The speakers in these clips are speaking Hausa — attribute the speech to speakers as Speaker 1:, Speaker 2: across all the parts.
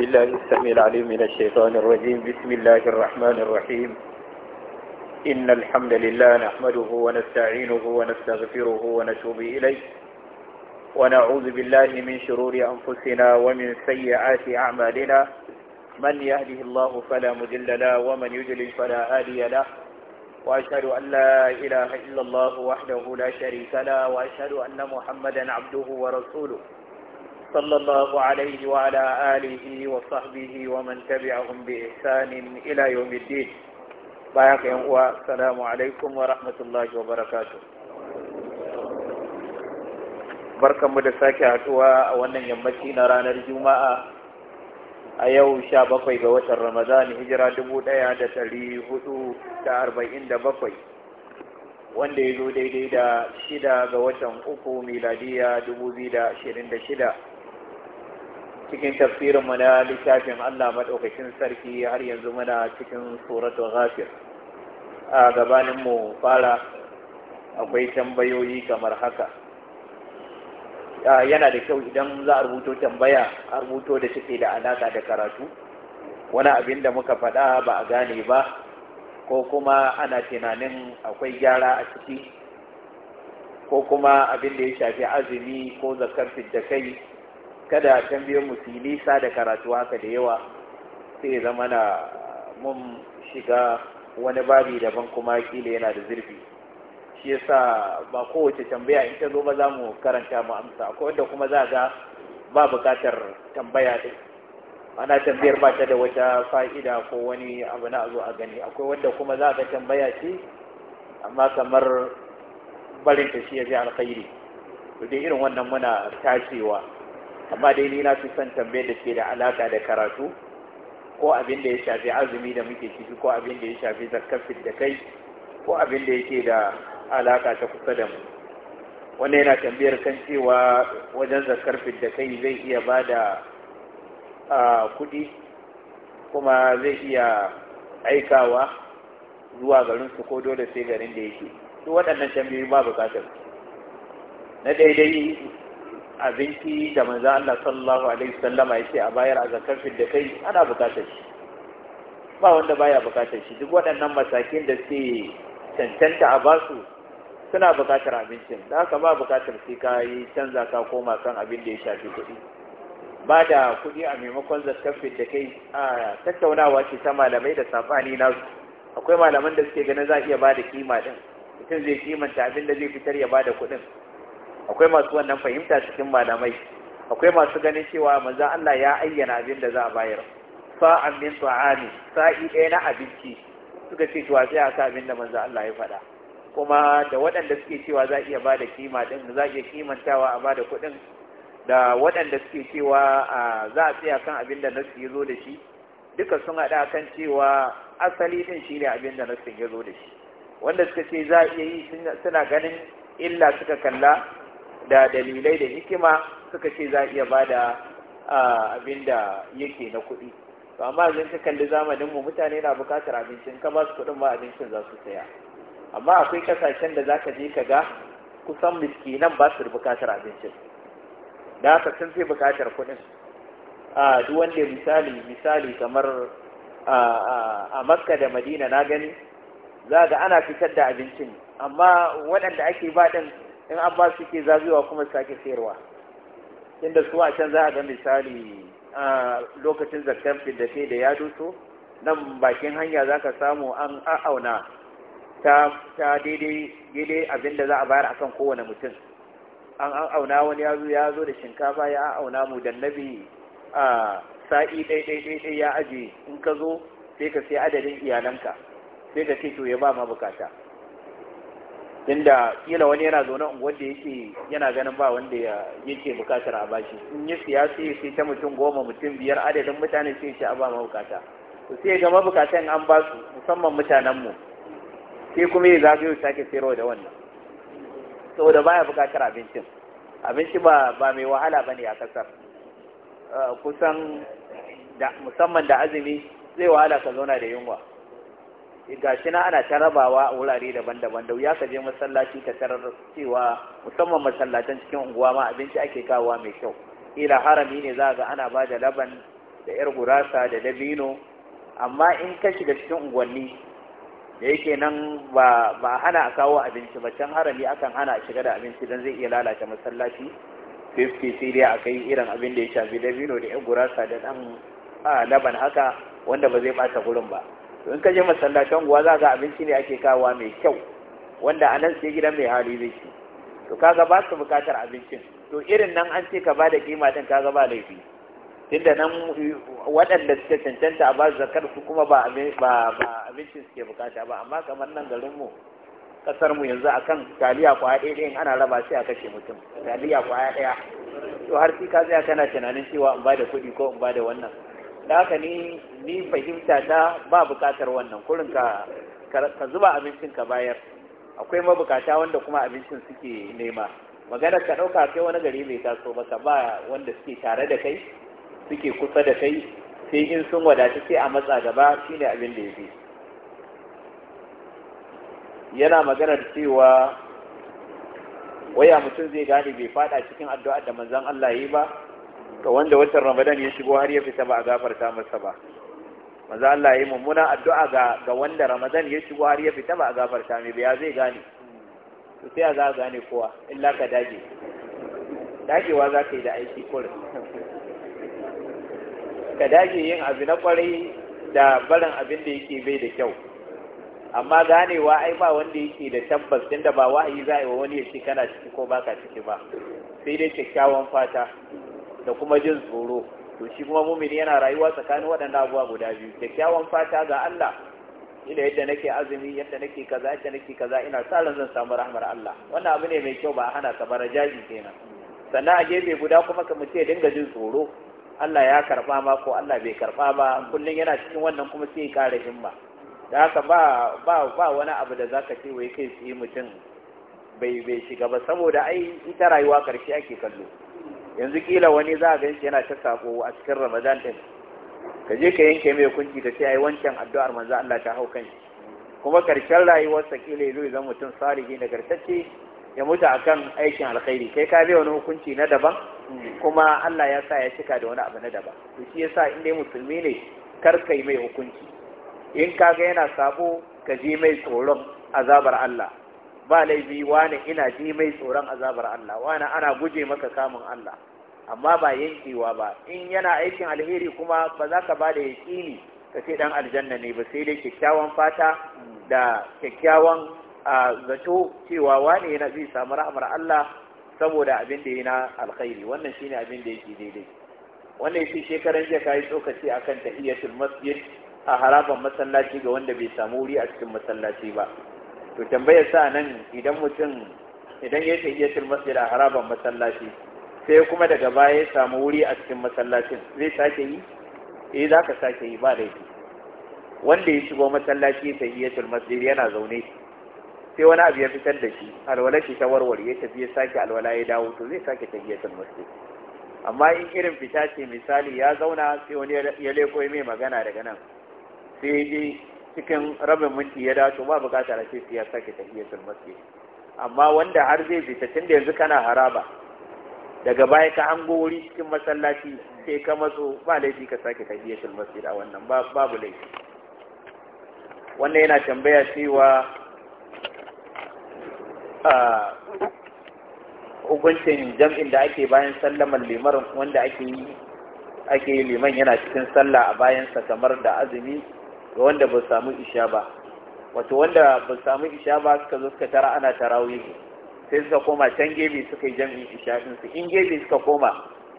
Speaker 1: بالله السميع العليم من الشيطان الرجيم بسم الله الرحمن الرحيم إن الحمد لله نحمده ونستعينه ونستغفره ونتوب إليه ونعوذ بالله من شرور أنفسنا ومن سيئات أعمالنا من يهده الله فلا مذل له ومن يجلل فلا هادي له وأشهد أن لا إله إلا الله وحده لا شريك له وأشهد أن محمدا عبده ورسوله صلى الله عليه وعلى آله وصحبه ومن تبعهم بإحسان إلى يوم الدين بايك والسلام عليكم ورحمة الله وبركاته barkanmu da sake haɗuwa a wannan yammaci na ranar juma'a a yau sha bakwai ga watan ramadan hijira dubu ɗaya da ɗari hudu da arba'in da bakwai wanda ya zo daidai da shida ga watan uku miladiya dubu biyu da ashirin da shida cikin tafsirin mu na littafin Allah maɗaukacin sarki har yanzu muna cikin suratul ghafir a gabanin mu fara akwai tambayoyi kamar haka yana da kyau idan za a rubuto tambaya a rubuto da take da alaƙa da karatu wani abin da muka faɗa ba a gane ba ko kuma ana tunanin akwai gyara a ciki ko kuma abin da ya shafi azumi ko zakar da kai kada tambayoyin mu su nisa da karatu haka da yawa sai zama na mun shiga wani babi daban kuma kila yana da zurfi shi yasa ba kowace tambaya in ta zo ba za mu karanta mu amsa akwai wanda kuma za ga ba bukatar tambaya ɗin ana tambayar ba ta da wata fa'ida ko wani abu na zo a gani akwai wanda kuma za ga tambaya ce amma kamar barin ta shi ya ji alkhairi to dai irin wannan muna tashewa amma dai ni na fi son tambayar da ke da alaka da karatu ko abin da ya shafi azumi da muke ciki ko abin da ya shafi zakafin da kai ko abin da yake da alaka ta kusa da mu wanda yana tambayar kan cewa wajen zakar da kai zai iya ba da kudi kuma zai iya aikawa zuwa garinsu ko dole sai garin da yake duk waɗannan tambayoyi ba bukatar na daidai abinci da manzo Allah sallallahu alaihi wasallama yace a bayar a zakar da kai ana bukatar shi ba wanda baya bukatar shi duk waɗannan masakin da suke cancanta a basu suna bukatar abincin da haka ba bukatar sai ka yi canza ka koma kan abin da ya shafi kuɗi ba da kuɗi a maimakon zakar da kai a tattaunawa ce ta malamai da safani na akwai malaman da suke ganin za a iya ba da kima din mutum zai kimanta abin da zai fitar ya ba da kuɗin akwai masu wannan fahimta cikin malamai akwai masu ganin cewa manzon Allah ya ayyana abin da za a bayar sa'an min sa'ani sa'i ɗaya na abinci suka ce cewa sai a sa abin da manzon Allah ya faɗa kuma da waɗanda suke cewa za a iya ba da kima ɗin za a iya kimantawa a ba kuɗin da waɗanda suke cewa za a tsaya kan abin da nasu ya zo da shi duka sun haɗa kan cewa asali ɗin shi ne abin da nasu ya zo da shi wanda suka ce za a iya yi suna ganin illa suka kalla da dalilai da hikima suka ce za iya ba da abin da yake na kuɗi to amma yanzu ka kalli zamaninmu mutane na buƙatar abincin ka ba su kuɗin ba abincin za su saya amma akwai ƙasashen da za ka je ka ga kusan miskinan ba su buƙatar abincin da haka sun fi buƙatar kuɗin a duk wanda misali misali kamar a makka da madina na gani za ga ana fitar da abincin amma waɗanda ake ba ɗin in an ba su ke zagayowa kuma sake sayarwa inda su a can za a ga misali a lokacin zakar fiddafe da ya doso nan bakin hanya za ka samu an a'auna ta daidai abinda za a bayar a kan kowane mutum an a'auna wani ya zo ya zo da shinkafa ya a'auna mu da nabi a sa'i ɗaiɗaiɗaiɗai ya ajiye in ka zo sai ka sai adadin iyalanka sai ka ce to ya ba ma bukata tunda kila wani yana zaune unguwar da yake yana ganin ba wanda yake bukatar a bashi in yi siyasi sai ta mutum goma mutum biyar adadin mutane sai ce a ba mabukata to sai ga mabukatan an ba su musamman mutanen mu sai kuma ya ya sake sayarwa da wannan saboda baya bukatar abincin abinci ba ba mai wahala bane a kasar eh, kusan da musamman da azumi zai wahala ka zauna da yunwa shi na ana ta rabawa a wurare daban-daban da wuya ka je masallaci ka tarar cewa musamman masallatan cikin unguwa ma abinci ake kawowa mai kyau ila harami ne za ga ana ba da laban da yar gurasa da dabino amma in ka shiga cikin unguwanni da yake nan ba ba hana a kawo abinci ba can harami akan hana shiga da abinci dan zai iya lalata masallaci fifty sai dai kai irin abin da ya shafi dabino da yar gurasa da dan laban haka wanda ba zai bata gurin ba to in ka je masallacin guwa za ga abinci ne ake kawo mai kyau wanda a nan sai gidan mai hali zai ci to kaga ba su bukatar abinci, to irin nan an ce ka ba da kima din kaga ba laifi tunda nan waɗanda suke cancanta a ba zakar su kuma ba abincin suke bukata ba amma kamar nan garin mu kasar mu yanzu akan taliya kwaya ɗaya ɗayan ana raba sai a kashe mutum taliya kwaya ɗaya to har sai ka tsaya kana tunanin cewa in ba da kuɗi ko in ba da wannan da haka ni ni fahimta ta ba bukatar wannan kurin ka ka zuba abincin ka bayar akwai mabukata wanda kuma abincin suke nema maganar ka dauka kai wani gari mai taso maka ka ba wanda suke tare da kai suke kusa da kai sai in sun wadata sai a matsa gaba shine abin da yake yana maganar cewa waya mutum zai gane bai fada cikin addu'a da manzon Allah yi ba to wanda watan ramadan ya shigo har ya fita ba a gafarta masa ba maza Allah yi mummuna addu'a ga ga wanda ramadan ya shigo har ya fita ba a gafarta mai ba ya zai gane to sai a gane kowa illa ka dage dagewa za ka yi da aiki kullum ka dage yin abu na kwarai da barin abin da yake bai da kyau amma ganewa ai ba wanda yake da tabbas tunda ba wa'ayi za a yi wa wani ya ce kana ciki ko baka ciki ba sai dai kyakkyawan fata da kuma jin tsoro to shi kuma mumini yana rayuwa tsakanin waɗanda abuwa guda biyu kyakkyawan fata ga Allah ina yadda nake azumi yadda nake kaza yadda nake kaza ina sa ran zan samu rahmar Allah wannan abu ne mai kyau ba a hana ka bara jaji kenan sannan a gefe guda kuma ka mutum ya dinga jin tsoro Allah ya karba ma ko Allah bai karba ba kullun yana cikin wannan kuma sai ya kare himma da haka ba ba ba wani abu da zaka ce wai kai tsaye mutum bai bai shiga ba saboda ai ita rayuwa karshe ake kallo yanzu kila wani za a gan shi yana ta sako a cikin ramadan din ka je ka yanke mai hukunci ka ce ai wancan addu'ar manzo Allah ta hau kan kuma karshen rayuwarsa kila yazo zan mutum salihi da gartacce ya mutu akan aikin alkhairi kai ka bi wani hukunci na daban kuma Allah ya sa ya cika da wani abu na daban to shi yasa in dai musulmi ne kar kai mai hukunci in ka ga yana sabo ka ji mai tsoron azabar Allah ba laifi wani ina ji mai tsoron azabar Allah wani ana guje maka kamun Allah amma ba yankewa ba in yana aikin alheri kuma ba za ka ba da yaƙini ka ce ɗan aljanna ne ba sai dai kyakkyawan fata da kyakkyawan zato cewa wane yana zai samu rahmar Allah saboda abin da yana alkhairi wannan shine abin da yake daidai wannan shi shekaran jiya kai tsokaci akan tahiyatul masjid a haraban masallaci ga wanda bai samu wuri a cikin masallaci ba to tambayar sa nan idan mutum idan ya tahiyatul masjid a haraban masallaci sai kuma daga baya ya samu wuri a cikin masallacin zai sake yi eh za ka sake yi ba laifi wanda ya shigo masallaci ya tahiyatul masjid yana zaune sai wani abu ya fitar da shi alwala shi ta warware ya tafi ya sake alwala ya dawo to zai sake tahiyatul masjid amma in irin fita ce misali ya zauna sai wani ya leko mai magana daga nan sai ya je cikin rabin minti ya dawo ba bukatar a ce sai ya sake tahiyatul masjid amma wanda har zai fita da yanzu kana haraba daga baya ka hango wuri cikin masallaci sai ka matso ba laifi ka sake tahiyatul masjid a wannan babu laifi wannan yana tambaya cewa a hukuncin jam'in da ake bayan sallamar limarin wanda ake yi ake yi liman yana cikin sallah a bayansa kamar da azumi ga wanda ba samu isha ba wato wanda ba samu isha ba suka zo suka tara ana tarawih sai suka koma can gefe suka yi jami'in isha'in su in gefe suka koma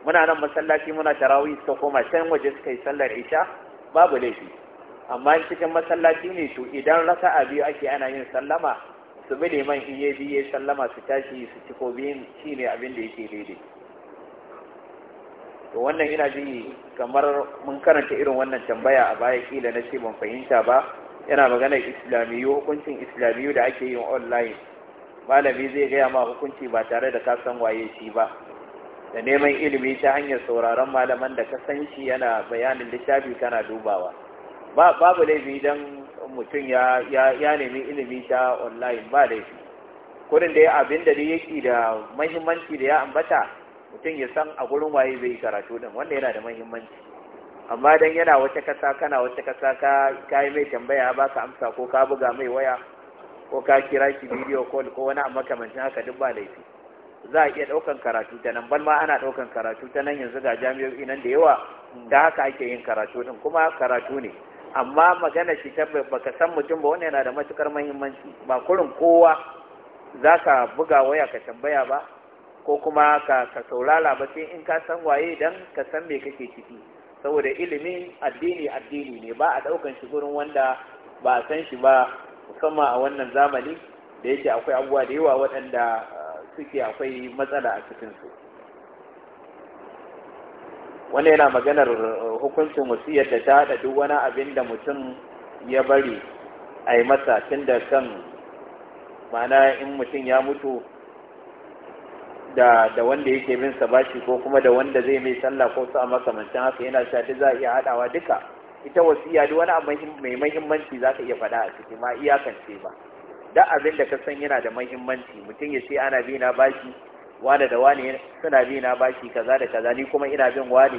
Speaker 1: muna nan masallaci muna tarawi suka koma can waje suka yi sallar isha babu laifi amma cikin masallaci ne to idan a biyu ake ana yin sallama su bi neman in ya biye sallama su tashi su ci ko shi ne abin da yake daidai to wannan ina ji kamar mun karanta irin wannan tambaya a baya kila na ce ban fahimta ba yana magana islamiyu hukuncin islamiyu da ake yin online malami zai gaya ma hukunci ba tare da ka san waye shi ba da neman ilimi ta hanyar sauraron malaman da ka san shi yana bayanin littafi kana dubawa babu laifi don mutum ya nemi ilimi ta online ba laifi kurin da ya abin da yake da mahimmanci da ya ambata mutum ya san a gurin waye zai karatu din wanda yana da mahimmanci amma dan yana wata kasa kana wata kasa ka yi mai tambaya ba ka amsa ko ka buga mai waya ko ka kira shi bidiyo call ko wani amma makamancin haka duk ba laifi za a iya ɗaukan karatu ta nan balma ana ɗaukan karatu ta nan yanzu ga jami'o'i nan da yawa da haka ake yin karatu din kuma karatu ne amma magana shi ta baka san mutum ba wannan yana da matukar muhimmanci ba kurin kowa za ka buga waya ka tambaya ba ko kuma ka ka saurara ba sai in ka san waye dan ka san me kake ciki saboda ilimin addini addini ne ba a ɗaukan shi gurin wanda ba a san shi ba musamman a wannan zamani da yake akwai abubuwa da yawa waɗanda uh, suke akwai matsala a cikinsu wanda yana maganar uh, hukuncin wasiyar da ta haɗa duk wani abin da mutum ya bari a yi masa tun da kan ma'ana in mutum ya mutu da da wanda yake bin sa bashi ko kuma da wanda zai mai sallah ko su a makamancin haka yana sha za a iya haɗawa duka ita wasiya duk wani abu mai mahimmanci za ka iya faɗa a ciki ma iyakance ba da abin da ka san yana da mahimmanci mutum ya ce ana bi na baki wane da wane suna bi na baki kaza da kaza ni kuma ina bin wane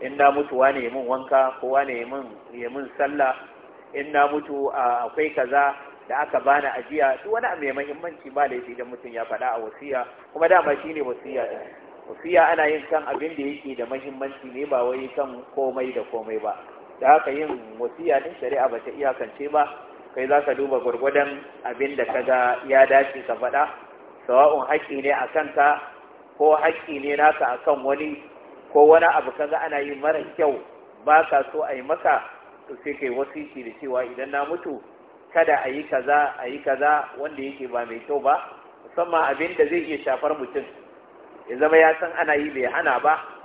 Speaker 1: in na mutu wane ya min wanka ko wane ya min sallah in na mutu akwai kaza da aka bani ajiya duk wani abu mai mahimmanci ba laifi idan mutum ya faɗa a wasiya kuma dama shine wasiya wasiya ana yin kan abin da yake da mahimmanci ne ba wai kan komai da komai ba da haka yin wasiya din shari'a ba ta iyakance ba kai za ka duba gwargwadon abin da ka ga ya dace ka faɗa sawa'un haƙƙi ne a kanka ko haƙƙi ne naka a kan wani ko wani abu ka ga ana yi mara kyau ba ka so a yi maka to sai kai wasiki da cewa idan na mutu kada a yi kaza a yi kaza wanda yake ba mai kyau ba musamman abin da zai iya shafar mutum ya zama ya san ana yi bai hana ba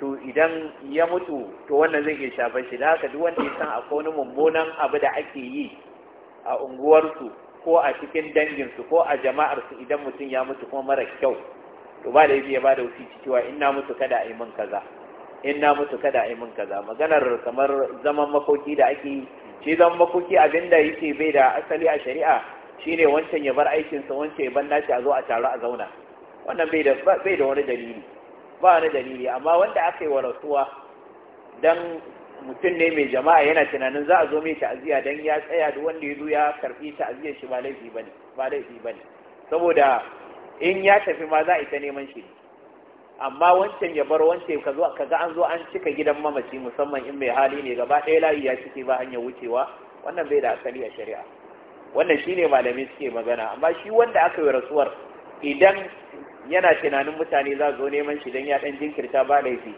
Speaker 1: to idan ya mutu to wannan zai iya shafar shi da haka duk wanda ya san akwai wani mummunan abu da ake yi a unguwarsu ko a cikin danginsu ko a jama'arsu idan mutum ya mutu kuma mara kyau to ba da yi ya da wasici cewa in na mutu kada a yi min kaza in na mutu kada a yi min kaza maganar kamar zaman makoki da ake yi shi zaman makoki abinda yake bai da asali a shari'a shine wancan ya bar aikinsa wancan ya bar nashi a zo a taru a zauna wannan bai da wani dalili ba na dalili amma wanda aka yi wa rasuwa don mutum ne mai jama'a yana tunanin za a zo mai ta'aziyya don ya tsaya duk wanda ya zo ya karfi ta'aziyyar shi ba laifi bane ba laifi saboda in ya tafi ma za a ita neman shi amma wancan ya bar wancan ka zo ka ga an zo an cika gidan mamaci musamman in mai hali ne gaba ɗaya layi ya cike ba hanyar wucewa wannan bai da asali a shari'a wannan shine malamai suke magana amma shi wanda aka yi rasuwar idan yana tunanin mutane za zo neman shi don ya ɗan jinkirta ba laifi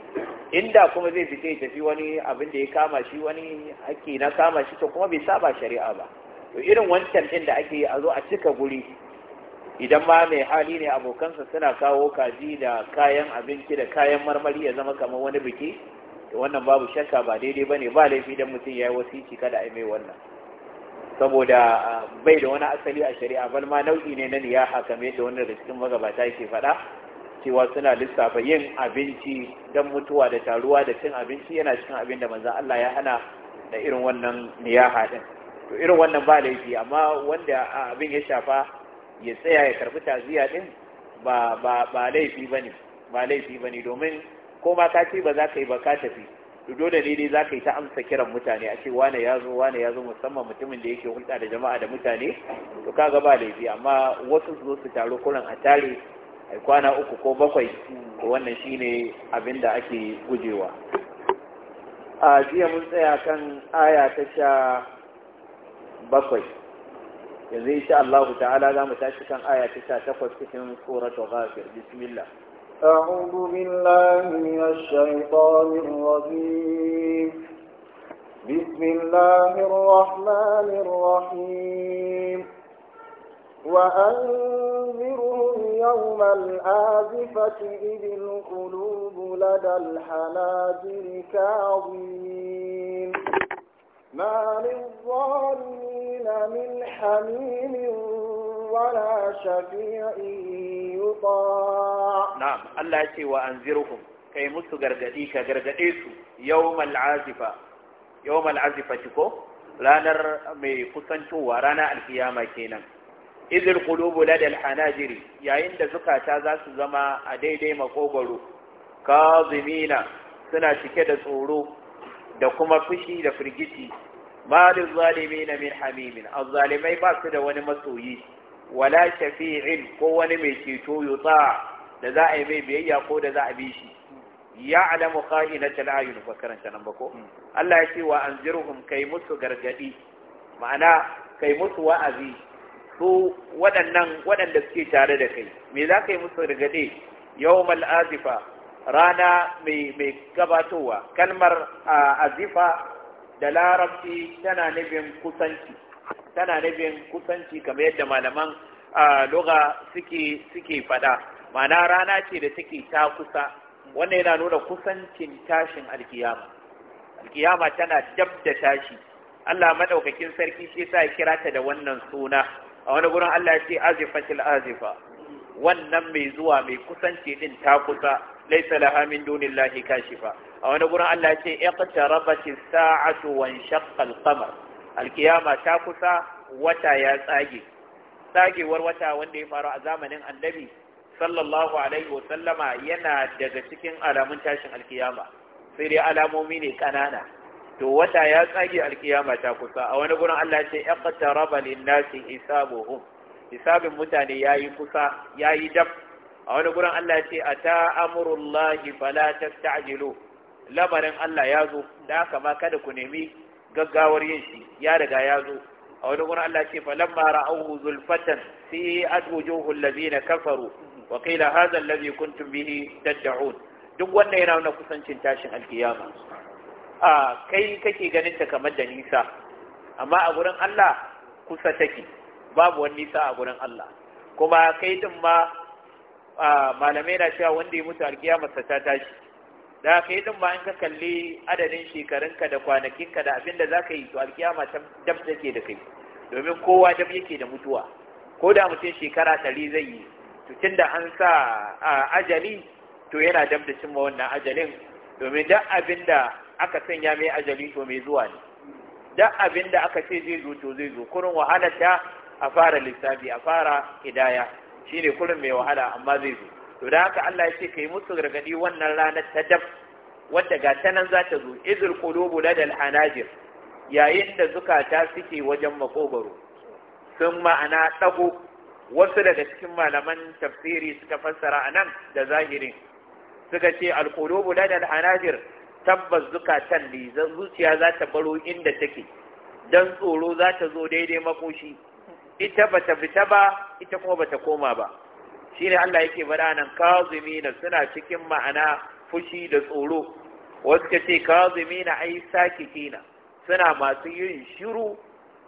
Speaker 1: inda kuma zai fita ya tafi wani abin da ya kama shi wani haƙƙi na kama shi to kuma bai saba shari'a ba to irin wancan ɗin da ake a zo a cika guri idan ma mai hali ne abokansa suna kawo kaji da kayan abinci da kayan marmari ya zama kamar wani biki to wannan babu shakka ba daidai ba ne ba laifi don mutum ya yi wasici kada a yi mai wannan saboda ah, bai da wani asali a shari'a bal ma nau'i ne na niyaha kamar yadda wanda da cikin magabata yake faɗa cewa suna lissafa yin abinci don mutuwa da taruwa da cin abinci yana cikin abin da manzan Allah ya hana da irin wannan niyaha ɗin, to irin wannan ba laifi amma wanda ah, abin ya shafa ya tsaya ya karbi taziya ɗin, ba ba ba laifi ba ne, domin ko ma ka ce ba za ka yi ba ka tafi to dole ne dai za ka yi ta amsa kiran mutane a ce wane ya zo wane ya zo musamman mutumin da yake hulɗa da jama'a da mutane to kaga ba yi amma wasu su zo su taro kuran a tare a kwana uku ko bakwai wannan ne abin da ake gujewa a jiya mun tsaya kan aya ta sha bakwai yanzu insha Allah ta'ala za mu tashi kan aya ta sha takwas cikin tsoron ghafir bismillah
Speaker 2: أعوذ بالله من الشيطان الرجيم بسم الله الرحمن الرحيم وأنذرهم يوم الآزفة إذ القلوب لدى الحناجر كاظمين ما للظالمين من حميم ولا شفيع يطاع
Speaker 1: نعم الله يتي وأنذرهم كي مستو غرغديك غرغديسو يوم العازفة يوم العازفة شكو ranar mai kusantowa rana alfiyama kenan izil qulubu ladal hanajiri yayin da zukata za su zama a daidai makogwaro kazimina suna cike da tsoro da kuma fushi da firgici malin na min hamimin azzalimai ba su da wani masoyi wala shafi'in ko wani mai ceto yutsa da za a yi mai biyayya ko da za a bi shi ya alamu kha'inata al'ayun ba karanta nan ba ko hmm. Allah ya ce wa anzirhum kai musu gargadi ma'ana kai musu wa'azi su waɗannan waɗanda suke tare da kai me za ka yi musu gargadi yawmal azifa rana mai mai gabatowa kalmar azifa da larabci tana nufin kusanci tana nufin kusanci kamar yadda malaman lugha suke faɗa fada ma'ana rana ce da take ta kusa wannan yana nuna kusancin tashin alkiyama alkiyama tana dab da tashi Allah madaukakin sarki shi yasa ya kira ta da wannan suna a wani gurin Allah ya ce azifatil azifa wannan mai zuwa mai kusanci din ta kusa laysa laha min dunillahi kashifa a wani gurin Allah ya ce iqtarabatis sa'atu wa inshaqqa al-qamar alkiyama ta kusa wata ya tsage tsagewar wata wanda ya faru a zamanin annabi sallallahu alaihi wa sallama yana daga cikin alamun tashin alkiyama sai dai alamomi ne kanana to wata ya tsage alkiyama ta kusa a wani gurin Allah ce iqtaraba lin-nasi hisabuhum hisabin mutane yayi kusa yayi dab a wani gurin Allah ce ata amrullahi fala tastajilu lamarin Allah ya zo da haka ma kada ku nemi gaggawar yin shi ya riga ya zo a wani gurin Allah ce falamma ra'ahu zulfatan fi adwujuhu allazina kafaru wa qila hadha allazi kuntum bihi tad'un duk wannan yana nuna kusancin tashin alkiyama a kai kake ganin ta kamar da nisa amma a gurin Allah kusa take babu wani nisa a gurin Allah kuma kai din ma malamai na cewa wanda ya mutu alkiyama sa ta tashi da ka yi ba in ka kalli adadin shekarunka da kwanakinka da abin da za ka yi to alkiyama dab take da kai domin kowa dab yake da mutuwa ko da mutum shekara ɗari zai yi to tun da an sa a ajali to yana dab da cimma wannan ajalin domin duk abin da aka sanya mai ajali to mai zuwa ne duk abin da aka ce zai zo to zai zo kurin wahalar ta a fara lissafi a fara hidaya shine kurin mai wahala amma zai zo to da haka Allah ya ce ka yi musu gargadi wannan ranar ta dab wadda ga ta nan za ta zo izul da dal hanajir yayin da zukata suke wajen makogaro sun ma'ana tsago wasu daga cikin malaman tafsiri suka fassara a nan da zahirin suka ce alkulubu dal hanajir tabbas zukatan ne zuciya za ta baro inda take Dan tsoro za ta zo daidai makoshi ita ba ta fita ba ita kuma ba ta koma ba shine Allah yake bada nan kazimina suna cikin ma'ana fushi da tsoro wasu ka ce kazimina ai sakitina suna masu yin shiru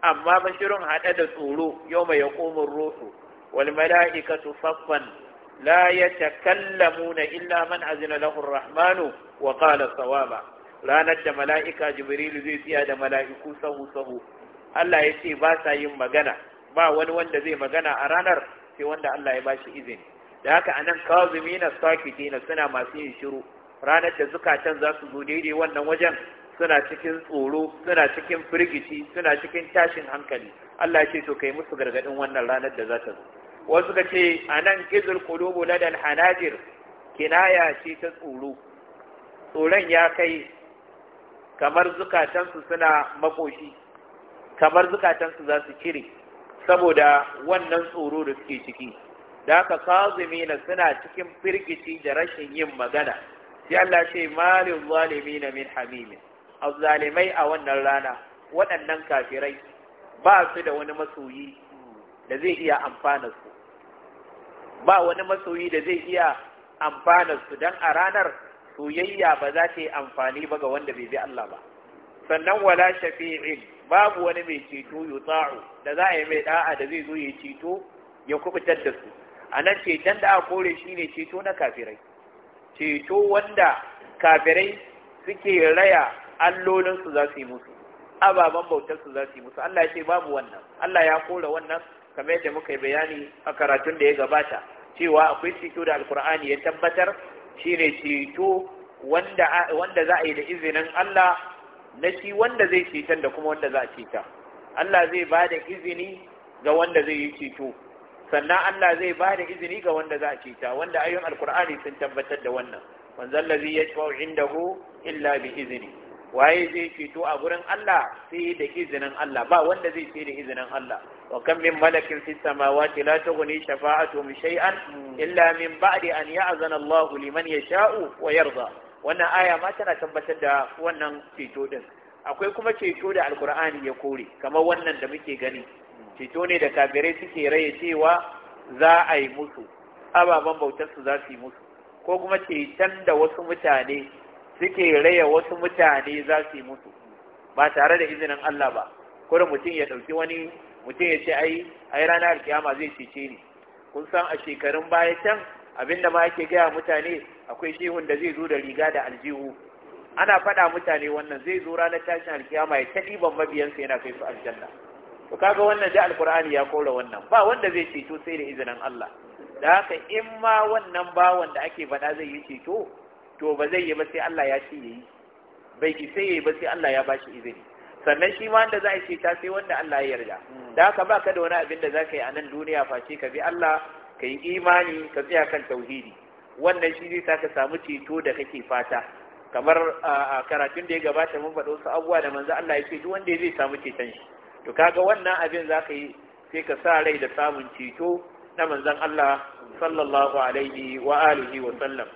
Speaker 1: amma ba shirin haɗe da tsoro yau mai yaqumun ruhu wal mala'ikatu saffan la yatakallamuna illa man azina lahu rahmanu wa qala sawaba ranar da mala'ika jibril zai tsaya da mala'iku sahu sahu Allah ya ba sa yin magana ba wani wanda zai magana a ranar sai wanda Allah ya bashi izini da haka anan kazimina sakitina suna masu yin shiru ranar da zukatan za su zo daidai wannan wajen suna cikin tsoro suna cikin firgici suna cikin tashin hankali Allah ce to kai musu gargadin wannan ranar da za ta zo wasu ka ce anan izul qulubu ladal hanajir kinaya ce ta tsoro tsoron ya kai kamar zukatansu suna makoshi kamar zukatansu za su cire saboda wannan tsoro da suke ciki da haka na suna cikin firgici da rashin yin magana sai Allah ce malin na min hamimin zalimai a wannan rana waɗannan kafirai ba su da wani masoyi da zai iya amfana su ba wani masoyi da zai iya amfana su dan a ranar soyayya ba za ta yi amfani ba ga wanda bai bi Allah ba sannan wala shafi'in babu wani mai ceto tsaro da za a yi mai da'a da zai zo ya ceto ya kubutar da su a nan ceton da aka kore shi ne ceto na kafirai ceto wanda kafirai suke raya allolinsu za su yi musu ababen bautarsu za su yi musu Allah ya ce babu wannan Allah ya kore wannan kamar yadda muka yi bayani a karatun da ya gabata cewa akwai ceto da alkur'ani ya tabbatar shi ne ceto wanda za a yi da izinin Allah na shi wanda zai ceton da kuma wanda za a ceta Allah zai ba da izini ga wanda zai yi ceto sannan Allah zai ba da izini ga wanda za a ceta wanda ayoyin alkur'ani sun tabbatar da wannan manzon lazi ya shafa indahu illa bi izini waye zai ceto a gurin Allah sai da izinin Allah ba wanda zai sai da izinin Allah wa kam min malakin fis samawati la tughni shafa'atuhum shay'an illa min ba'di an ya'zana Allahu liman yasha'u wa yarda wannan aya ma tana tabbatar da wannan ceto din akwai kuma ceto da alkur'ani ya kore kamar wannan da muke gani ceto ne da kafirai suke raye cewa za a yi musu ababen bautarsu za su yi musu ko kuma ceton da wasu mutane suke raya wasu mutane za su yi musu ba tare da izinin Allah ba kodin mutum ya ɗauki wani mutum ya ce ai ai ranar alkiyama zai cece ni kun san a shekarun baya can abinda ma ake gaya mutane akwai shehun da zai zo da riga da aljihu ana faɗa mutane wannan zai zo ranar tashin alkiyama ya ta ɗiban mabiyansa yana kai su aljanna to kaga wannan da alkur'ani ya kora wannan ba wanda zai ceto sai da izinin Allah da haka in ma wannan bawan da ake faɗa zai yi ceto to ba zai yi ba sai Allah ya ce yayi bai ki sai yayi ba sai Allah ya bashi izini sannan shi ma wanda za a ta sai wanda Allah ya yarda da haka ba ka da wani abin da za ka yi a nan duniya face ka bi Allah ka yi imani ka tsaya kan tauhidi wannan shi zai saka samu ceto da kake fata kamar a karatun da ya gabata mun faɗo su abuwa da manzo Allah ya ce duk wanda zai samu ceton shi to kaga wannan abin zaka yi sai ka sa rai da samun ceto na manzon Allah sallallahu alaihi wa alihi wa sallam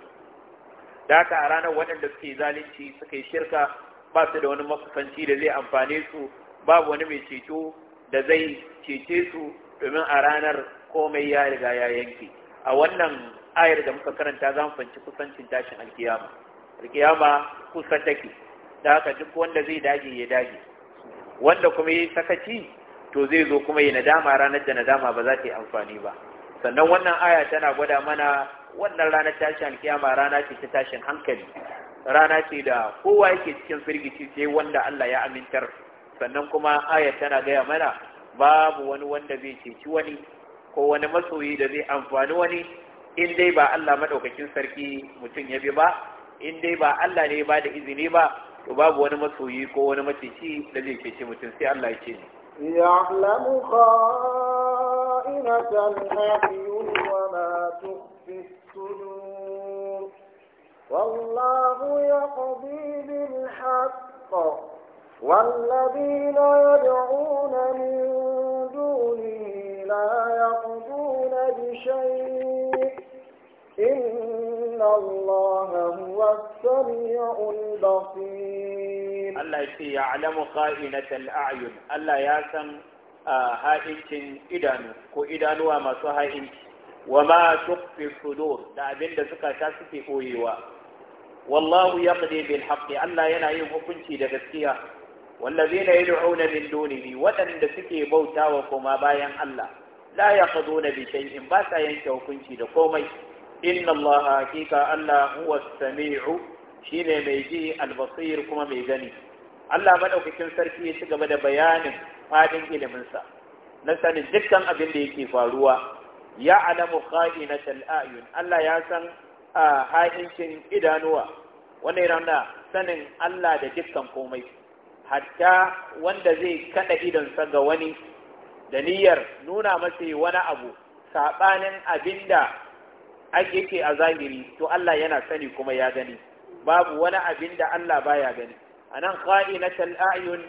Speaker 1: da ka a ranar waɗanda suke zalunci suka yi shirka ba su da wani makusanci da zai amfane su babu wani mai ceto da zai cece su domin a ranar komai ya riga ya yanke a wannan ayar da muka karanta za mu fanci kusancin tashin alkiyama alkiyama kusa take da haka duk wanda zai dage ya dage wanda kuma yi sakaci to zai zo kuma yi nadama ranar da nadama ba za ta yi amfani ba sannan wannan aya tana gwada mana wannan ranar tashin alkiyama rana ce ta tashin hankali rana ce da kowa yake cikin firgici sai wanda Allah ya amintar sannan kuma aya tana gaya mana babu wani wanda zai ceci wani ko wani masoyi da zai amfani wani in dai ba Allah madaukakin sarki mutum ya bi ba in dai ba Allah ne ba da izini ba to babu wani masoyi ko wani macici da zai cece mutum sai Allah ya ce
Speaker 2: ni يعلم خائنة الأعين وما تخفي الصدور والله يقضي بالحق والذين يدعون من دونه لا يقضون بشيء إن الله هو السميع
Speaker 1: البصير الله يعلم خائنة الأعين الله يسمى ha'incin idanu ko idanuwa masu ha'inci wa ma tukfi sudur da abinda suka ta suke koyewa wallahu yaqdi bil haqqi Allah yana yin hukunci da gaskiya wallazina yad'una min dunihi Waɗanda suke bautawa kuma bayan Allah la na bikin? In ba sa yanke hukunci da komai inna Allah hakika Allah huwa sami'u shine mai ji albasir kuma mai gani Allah madaukakin sarki ya ci gaba da bayanin fadin iliminsa na sanin dukkan abin da yake faruwa ya alamu kha'inatal ayun Allah ya san ha'incin idanuwa wannan rana sanin Allah da dukkan komai hatta wanda zai kada idonsa ga wani da niyyar nuna masa wani abu saɓanin abinda ake ce a zahiri to Allah yana sani kuma ya gani babu wani abin da Allah baya gani anan kha'inatul a'yun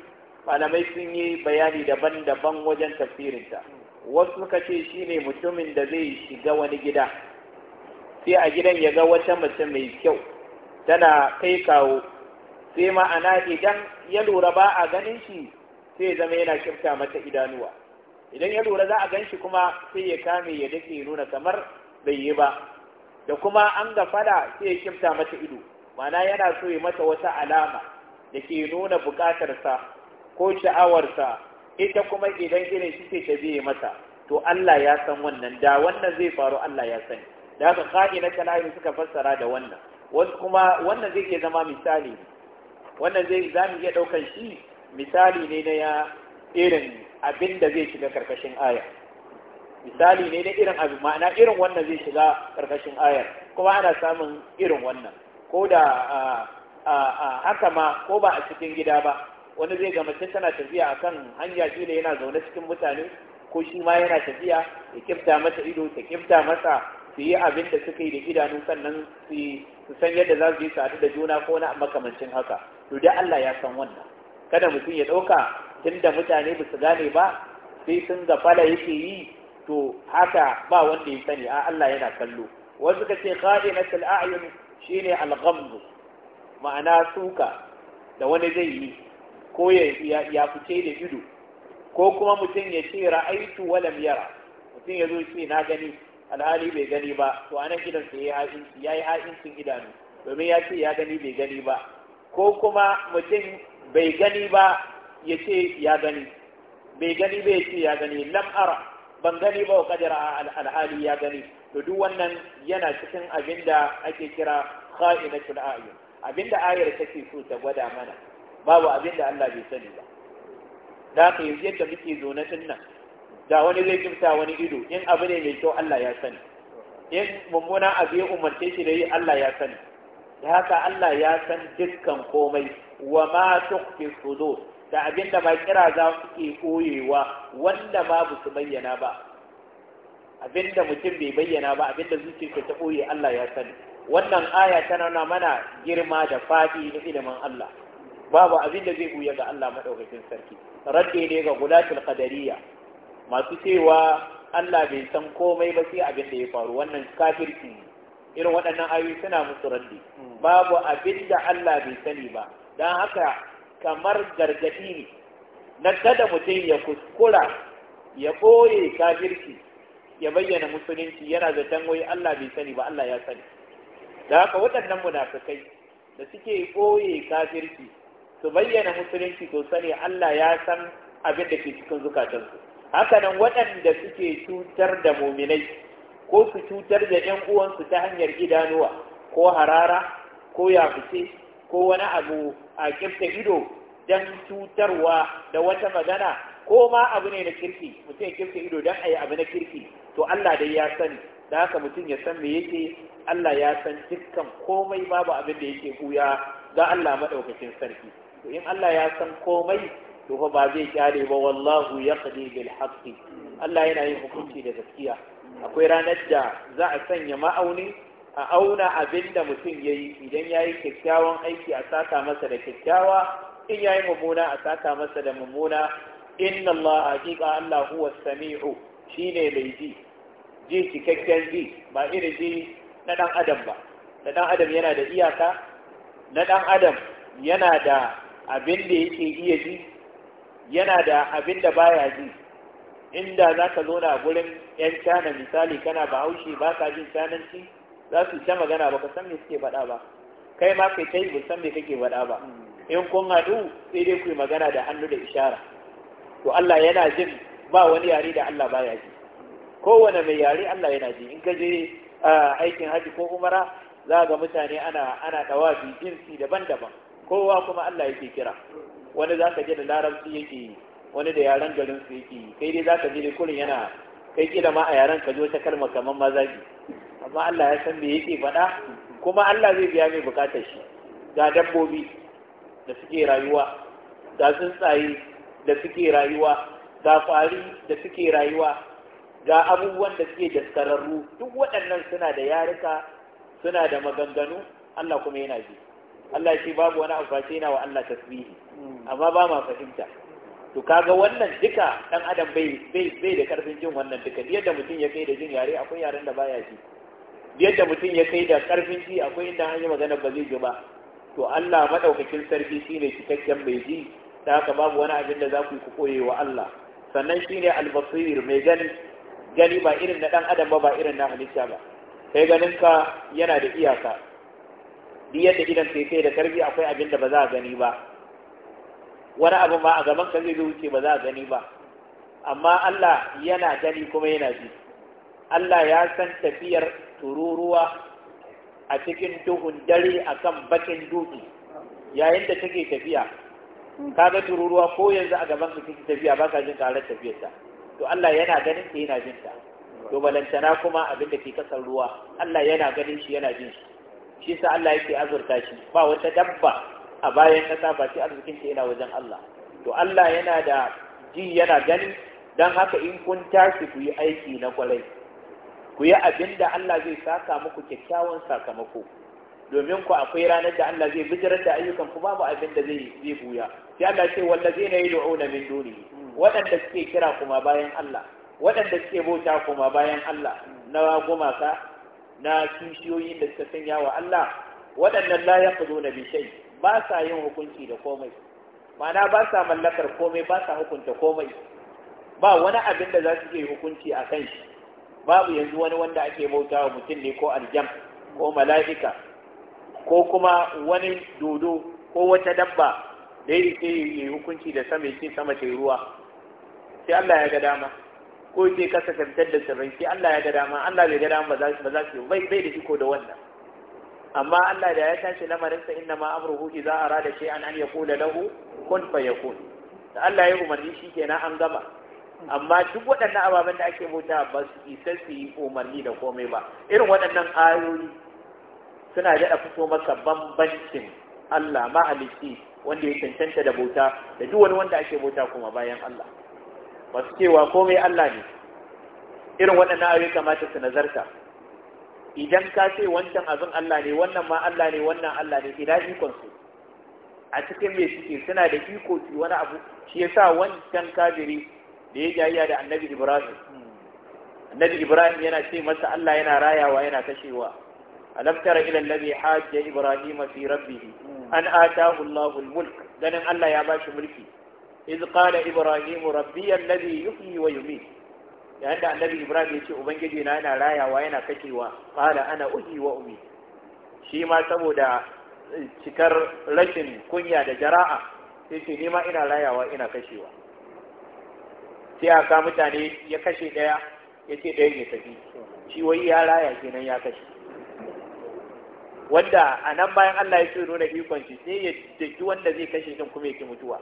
Speaker 1: malamai sun yi bayani daban-daban wajen tafsirinta wasu suka ce shine mutumin da zai shiga wani gida sai a gidan ya ga wata mace mai kyau tana kai kawo sai ma'ana idan ya lura ba a ganin shi sai zama yana kyauta mata idanuwa idan ya lura za a gan shi kuma sai ya kame ya dake nuna kamar bai yi ba da kuma an ga fada sai ya kimta mata ido mana yana so ya mata wata alama da ke nuna bukatarsa ko sha'awarsa ita kuma idan irin shi ce ta biye mata to Allah ya san wannan da wannan zai faru Allah ya sani da haka ka'ina talahi suka fassara da wannan wasu kuma wannan zai iya zama misali wannan zai za mu iya ɗaukar shi misali ne na ya irin abin da zai shiga karkashin aya misali ne na irin abin ma'ana irin wannan zai shiga karkashin ayar kuma ana samun irin wannan ko da haka ma ko ba a cikin gida ba wani zai ga mace tana tafiya a kan hanya kila yana zaune cikin mutane ko shi ma yana tafiya ya kifta mata ido ta kifta masa su yi abin da suka yi da idanu sannan su san yadda za su yi sadu da juna ko na makamancin haka to da Allah ya san wannan kada mutum ya ɗauka tun mutane ba su gane ba sai sun gafala yake yi to haka ba wanda ya sani a Allah yana kallo wasu ka ce khadinatul a'yun shine al-ghamd ma'ana suka da wani zai yi ko ya fice da ido ko kuma mutum ya ce ra'aitu walam yara mutum ya zo ce na gani alhali bai gani ba to anan idan sai ya ha'inci yi ha'incin idanu domin ya ce ya gani bai gani ba ko kuma mutum bai gani ba ya ce ya gani bai gani bai ce ya gani lam ara ban gani ba kadira alhali ya gani to duk wannan yana cikin abin da ake kira kha'inatul a'yun abin da ayar take so ta gwada mana babu abin da Allah bai sani ba da ka yanzu yadda muke zo na nan da wani zai kimta wani ido in abu ne mai kyau Allah ya sani in mummuna abu ya umarce shi da yi Allah ya sani da haka Allah ya san dukkan komai wa ma tukfi sudur da abin da ma kira za su ke koyewa wanda babu su bayyana ba abin da mutum bai bayyana ba abin da zuciyarsa ta koye Allah ya sani wannan aya tana nuna mana girma da fadi na ilimin Allah babu abin da zai buya ga Allah madaukakin sarki radde ne ga gulatul qadariya masu cewa Allah bai san komai ba sai abin da ya faru wannan kafirci irin waɗannan ayoyi suna musu radde hmm. babu abin da Allah bai sani ba dan haka kamar gargadi ne na kada mutum ya kuskura ya ɓoye kafirci ya bayyana musulunci yana zaton wai Allah bai sani ba Allah ya sani da haka waɗannan munafikai da suke ɓoye kafirci su bayyana musulunci to sani Allah ya san abin da ke cikin zukatansu haka nan waɗanda suke cutar da muminai ko su cutar da ‘yan uwansu ta hanyar idanuwa ko harara ko yafice ko wani abu a kirta ido don cutarwa da wata magana ko ma abu ne na kirki mutum ya kirta ido don a yi abu na kirki to Allah dai ya sani da haka mutum ya san me yake Allah ya san dukkan komai babu abin da yake huya, ga Allah maɗaukacin sarki to in Allah ya san komai to fa ba zai kyale ba wallahu yaqdi bil haqqi Allah yana yin hukunci da gaskiya akwai ranar da za a sanya ma'auni a auna abin da mutum ya yi idan ya yi kyakkyawan aiki a saka masa da kyakkyawa in ya yi mummuna a saka masa da mummuna inna Allah hakika Allah huwa sami'u shi ne mai ji ji cikakken ji ba irin ji na ɗan adam ba na ɗan adam yana da iyaka na ɗan adam yana da abin da yake iya ji yana da abin da baya ji inda za ka zo na gurin 'yan cana misali kana bahaushe ba ka jin cananci za su ta magana ba ka san me suke faɗa ba kai ma kai ta yi ba san me kake faɗa ba in kun haɗu sai dai ku yi magana da hannu da ishara to Allah yana jin ba wani yare da Allah baya ji kowane mai yare Allah yana ji in ka je aikin haji ko umara za ga mutane ana ana dawafi jinsi daban-daban kowa kuma Allah yake kira wani za ka je da larabci yake yi wani da yaren garin su yake yi kai dai za ka je da kurin yana kai kila ma a yaren ka ji wata kalmar kamar mazaji amma Allah ya san me yake faɗa kuma Allah zai biya mai bukatar shi ga dabbobi da suke rayuwa ga tsuntsaye da suke rayuwa ga kwari da suke rayuwa ga abubuwan da suke daskararru duk waɗannan suna da yarika suna da maganganu Allah kuma yana ji Allah shi babu wani amfashi yana wa Allah tasbihi amma ba ma fahimta to kaga wannan duka dan adam bai bai da karfin jin wannan duka yadda mutum ya kai da jin yare akwai yaren da baya ji yadda mutum ya kai da karfin ji akwai inda an yi magana ba zai ji ba to Allah madaukakin sarki shi ne cikakken mai ji da haka babu wani abin da za ku yi ku koye wa Allah sannan shi ne albasir mai gani gani ba irin na dan adam ba ba irin na halitta ba kai ganinka yana da iyaka duk yadda idan kai kai da karfi akwai abin da ba za a gani ba wani abu ma a gaban ka zai wuce ba za a gani ba amma Allah yana gani kuma yana ji Allah ya san tafiyar tururuwa a cikin duhun dare akan bakin dutse yayin da take tafiya kaga tururuwa ko yanzu a gaban ka take tafiya ba ka jin karar tafiyarta to Allah yana ganin ta yana jin ta to balantana kuma abin da ke kasar ruwa Allah yana ganin shi yana jin shi shi sa Allah yake azurta shi ba wata dabba a bayan kasa ba ce arzikin ta yana wajen Allah to Allah yana da ji yana gani don haka in kun tashi ku yi aiki na kwarai ku yi abin da Allah zai saka muku kyakkyawan sakamako domin ku akwai ranar da Allah zai bijirar da ayyukan ku babu abin da zai zai buya sai Allah ce wallazi na yi du'una min duni waɗanda suke kira kuma bayan Allah waɗanda suke bauta kuma bayan Allah na gumaka na kishiyoyin da suka sanya wa Allah waɗannan la yaquluna na bishai ba sa yin hukunci da komai ma'ana ba sa mallakar komai ba sa hukunta komai ba wani abin da za su yi hukunci a kan shi babu yanzu wani wanda ake bautawa mutum ne ko Aljam ko mala'ika ko kuma wani dodo ko wata dabba da yake yi hukunci da sama yake sama ce ruwa sai Allah ya ga dama ko yake kasa kamtar da sirrin sai Allah ya ga dama Allah bai ga dama ba za su bai bai da iko da wannan amma Allah da ya tashi lamarin sa inna ma amruhu idza arada shay'an an yaqula lahu kun fayakun Allah ya umarni shi kenan an gama amma duk waɗannan ababen da ake bauta ba su isa su yi umarni da komai ba irin waɗannan ayoyi suna daɗa fito maka bambancin Allah mahalicci wanda ya cancanta da bauta da duk wani wanda ake bauta kuma bayan Allah su cewa komai Allah ne irin waɗannan ayoyi kamata su nazarta idan ka ce wancan abin Allah ne wannan ma Allah ne wannan Allah ne ina ikon su a cikin me suke suna da iko su wani abu shi yasa wancan kafiri da ya jayya da annabi ibrahim annabi ibrahim yana ce masa allah yana rayawa yana kashewa alam tara ila allazi hajja ibrahim fi rabbih an atahu allah mulk ganin allah ya bashi mulki iz qala ibrahim rabbi allazi yuhyi wa yumiit yayin da annabi ibrahim ya ce ubangiji na yana rayawa yana kashewa qala ana uhyi wa umiit shi ma saboda eh, cikar rashin kunya da jara'a sai ce ni ma ina rayawa ina kashewa sai a ka mutane ya kashe daya ya ce ɗaya ya tafi shi wai ya raya kenan ya kashe wanda a nan bayan Allah ya ce nuna ikon shi sai ya daki wanda zai kashe din kuma yake mutuwa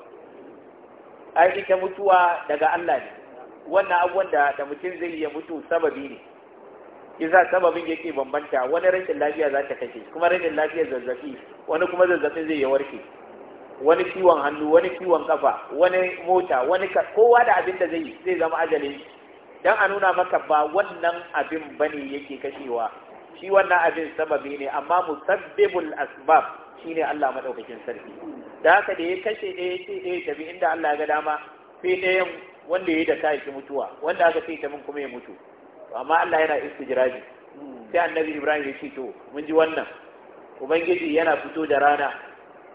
Speaker 1: ai ita mutuwa daga Allah ne wannan abubuwan da da mutum zai iya mutu sababi ne yasa sababin yake bambanta wani rashin lafiya za ta kashe kuma rashin lafiyar zazzafi wani kuma zazzafin zai ya warke wani ciwon hannu wani kiwon kafa wani mota wani kowa da abin da zai zai zama ajali dan a nuna maka ba wannan abin bane yake kashewa shi wannan abin sababi ne amma musabbibul asbab shine Allah madaukakin sarki da haka da ya kashe ya ce eh tabi inda Allah ya ga dama sai ɗayan wanda ya da ta mutuwa wanda aka sai min kuma ya mutu amma Allah yana istijraji sai annabi Ibrahim ya ce to mun ji wannan ubangiji yana fito da rana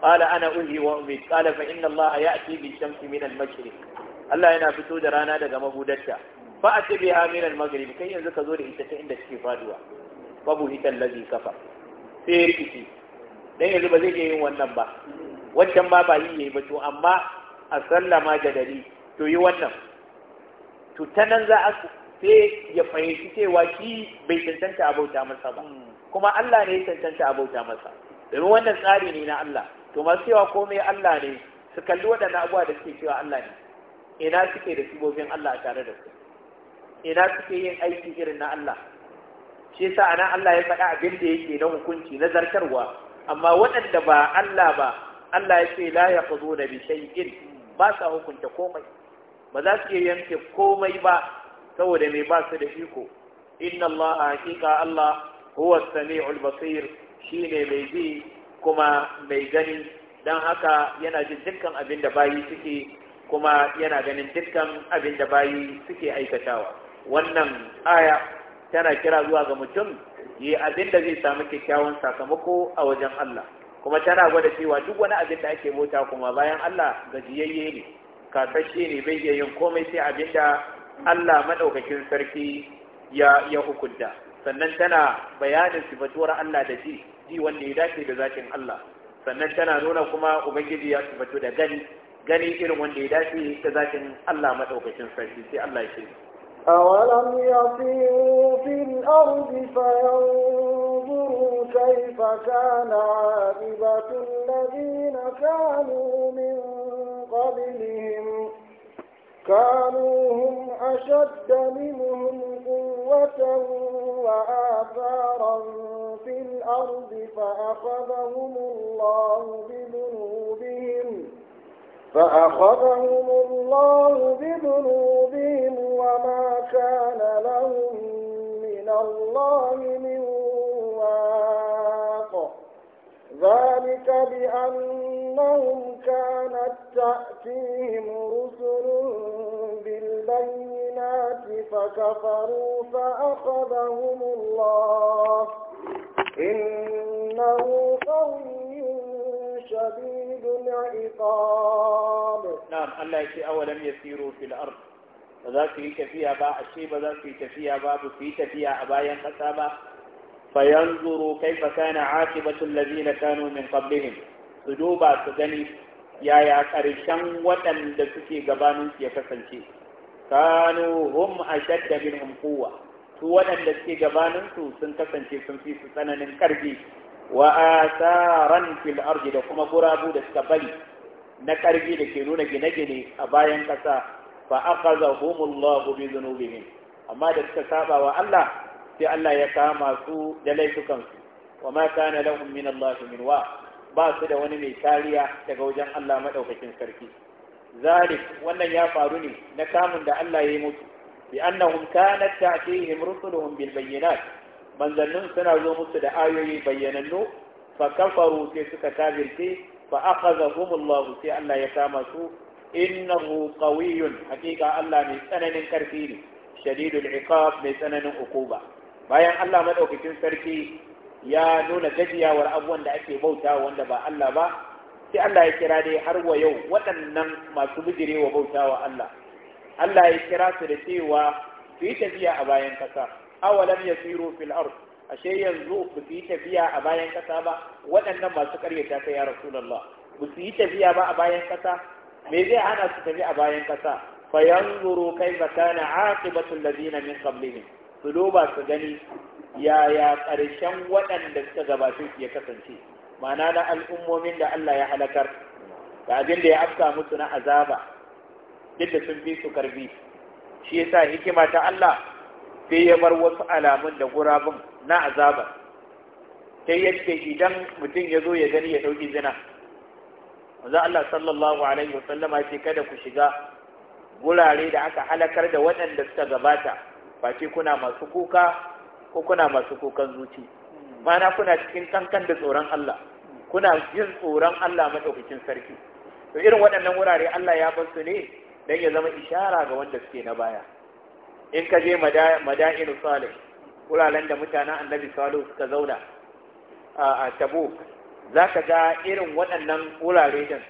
Speaker 1: قال أنا أهي وأمي قال فإن الله يأتي بالشمس من المشرق الله ينا فتو درانا دقا مبودتا فأتي بها من المغرب كي ينزك زور إتتا عند الشفادوا فبهت الذي kafa. sai rikici dan yanzu ba zai iya yin wannan ba wancan ma ba yi yayi ba to amma a sallama jadali to yi wannan to ta nan za a sai ya fahimci cewa shi bai cancanta abauta masa ba kuma Allah ne ya cancanta abauta masa domin wannan tsari ne na Allah to masu cewa komai Allah ne su kalli waɗannan abubuwa da suke cewa Allah ne ina suke da sibobin Allah a tare da su ina suke yin aiki irin na Allah shi yasa ana Allah ya faɗa abin da yake na hukunci na zartarwa amma waɗanda ba Allah ba Allah ya ce la yaquduna bi shay'in ba sa hukunta komai ba za su iya yanke komai ba saboda mai ba su da iko inna Allah haqiqa Allah huwa as-sami'ul basir shine mai bi. kuma mai gani don haka yana jin dukkan abin da bayi suke kuma yana ganin dukkan abin da bayi suke aikatawa wannan aya tana kira zuwa ga mutum yi abin da zai samu kyakkyawan sakamako a wajen Allah kuma tana gwada cewa duk wani abin da ake mota kuma bayan Allah gajiyayye ne kasashe ne bai iya yin komai sai abin da Allah maɗaukakin sarki ya hukunta sannan tana bayanin sifatuwar Allah da ji ji wanda ya dace da zakin Allah sannan tana nuna kuma ubangiji ya tabbatu da gani gani irin wanda ya dace da zakin Allah madaukakin sarki sai Allah ya ce
Speaker 2: أولم يطيروا في الأرض فينظروا كيف كان عاقبة الذين كانوا من قبلهم كانوا هم أشد منهم قوة وآثارا في الأرض فأخذهم الله بذنوبهم فأخذهم الله بذنوبهم وما كان لهم من الله من وال ذلك بأنهم كانت تأتيهم رسل بالبينات فكفروا فأخذهم الله إنه قوي شديد
Speaker 1: العقاب نعم الله يشيء ولم يسيروا في الأرض فذلك فيها باع الشيء فذلك فيها باب في تفيها أبايا قسابا kai kaifa kana aqibatul ladina kanu min qablihim su duba su gani yaya karshen waɗanda suke gabanin su ya kasance kanu hum ashadda minhum quwwa su waɗanda suke gabanin sun kasance sun fi su tsananin karfi wa'asa, ran fil ardi da kuma gurabu da suka bari na karfi da ke nuna gine-gine a bayan ƙasa fa aqazahumullahu bi dhunubihim amma da suka saba Allah sai Allah ya kama su da laifukansu wa ma kana lahum min Allah min wa ba su da wani mai kariya daga wajen Allah madaukakin sarki zalik wannan ya faru ne na kamun da Allah ya yi musu bi annahum kanat ta'tihim rusuluhum bil bayyinat manzannin suna zo musu da ayoyi bayyanannu fa kafaru sai suka kafirce fa akhadhahum Allah sai Allah ya kama su innahu qawiyyun hakika Allah mai tsananin karfi ne shadidul iqab mai tsananin uquba bayan Allah madaukakin sarki ya nuna gajiyawar abubuwan da ake bauta wanda ba Allah ba sai Allah ya kira dai har wa yau waɗannan masu bijirewa bautawa Allah Allah ya kira su da cewa su yi tafiya a bayan ƙasa awalam yasiru fil ard ashe yanzu ba su yi tafiya a bayan kasa ba waɗannan masu ƙaryata kai ya rasulullah ba su yi tafiya ba a bayan kasa me zai hana su tafi a bayan ƙasa fayanzuru kaifa kana aqibatu alladhina min qablihim su duba su gani yaya ƙarshen waɗanda suka gabace ya kasance ma'ana na al'ummomin da Allah ya halakar da abin da ya afka musu na azaba duk da sun bi su karbi shi yasa hikima ta Allah sai ya bar wasu alamun da gurabun na azaba ta yadda idan mutum ya zo ya gani ya ɗauki zina wanzu Allah sallallahu alaihi wasallama ce kada ku shiga gurare da aka halakar da waɗanda suka gabata face kuna masu kuka ko kuna masu kukan zuci mana kuna cikin kankan da tsoron Allah kuna jin tsoron Allah madaukakin sarki to irin waɗannan wurare Allah ya bar su ne dan ya zama ishara ga wanda suke na baya in ka je madainu salih wuraren da mutanen annabi salihu suka zauna a tabuk za ka ga irin waɗannan wurare din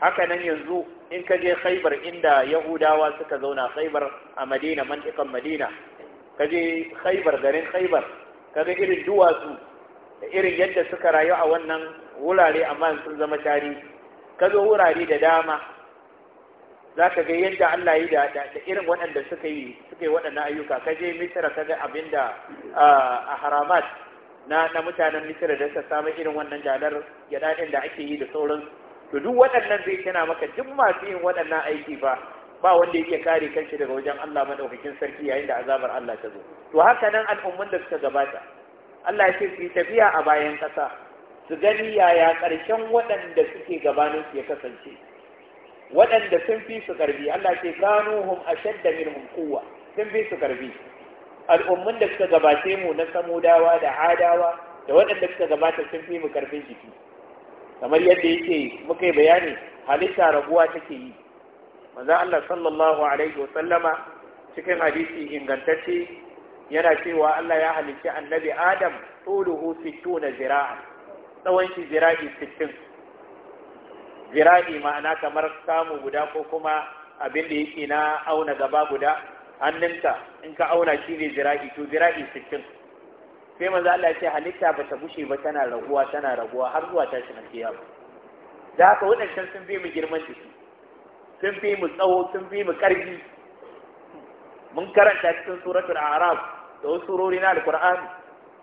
Speaker 1: haka nan yanzu in ka je khaibar inda yahudawa suka zauna khaibar a madina mantikan madina ka je khaibar garin khaibar ka ga irin duwatsu da irin yadda suka rayu a wannan wurare amma sun zama tarihi ka zo wurare da dama za ka ga yadda Allah yi da irin waɗanda suka yi suka yi waɗannan ayyuka ka je misira ka ga abin da a haramat na mutanen misira da suka samu irin wannan dalar gyaɗaɗin da ake yi da sauransu to duk waɗannan zai kina maka duk masu yin waɗannan aiki ba ba wanda yake kare kanshi daga wajen Allah madaukakin sarki yayin da azabar Allah ta zo to haka nan al'ummun da suka gabata Allah ya ce su tafiya a bayan ƙasa su gani yaya ƙarshen waɗanda suke gabanin su ya kasance waɗanda sun fi su karbi Allah ce kanuhum ashadda minhum quwwa sun fi su karbi al'ummun da suka gabace mu na samudawa da adawa da waɗanda suka gabata sun fi mu karfin jiki kamar yadda yake muka yi bayani halitta raguwa take yi manzo Allah sallallahu alaihi wasallama cikin hadisi ingantacce yana cewa Allah ya halicci annabi Adam tuluhu 60 zira'a tsawon shi zira'i 60 zira'i ma'ana kamar samu guda ko kuma abin da yake na auna gaba guda hannunka in ka auna shi ne zira'i to zira'i 60 sai manzo Allah ya ce halitta bata ta gushe ba tana raguwa tana raguwa har zuwa tashin alkiyama da haka waɗancan sun bi mu girman jiki sun bi mu tsawo sun bi mu ƙarfi mun karanta cikin suratul a'raf da wasu surori na alqur'ani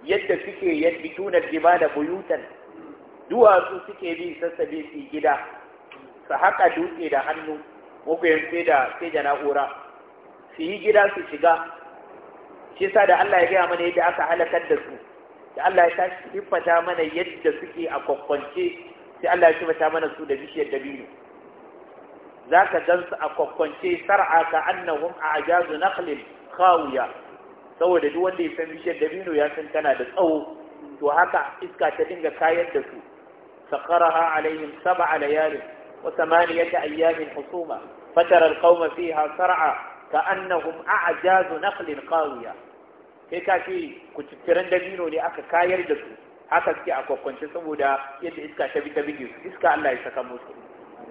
Speaker 1: yadda suke yadbituna jibala buyutan duwatsu suke bi sassabe su gida su haka dutse da hannu muku sai da sai da na'ura su yi gida su shiga shi yasa da Allah ya gaya mana yadda aka halakar da su da Allah ya tashi mana yadda suke a kwakwance sai Allah ya himmata mana su da bishiyar dabino za ka gan su a kwakwance sar'a ka annahum a ajazu naqlin khawiya saboda duk wanda ya san bishiyar dabino ya san tana da tsawo to haka iska ta dinga kayar da su sakaraha alaihim sab'a layalin wa thamaniyata ayyamin husuma fatara alqauma fiha sar'a ka annahum a'jazu naqlin qawiya kai ka ce ku cikiran dabino ne aka kayar da su haka suke a kwakwance saboda yadda iska ta bi bige su iska Allah ya saka musu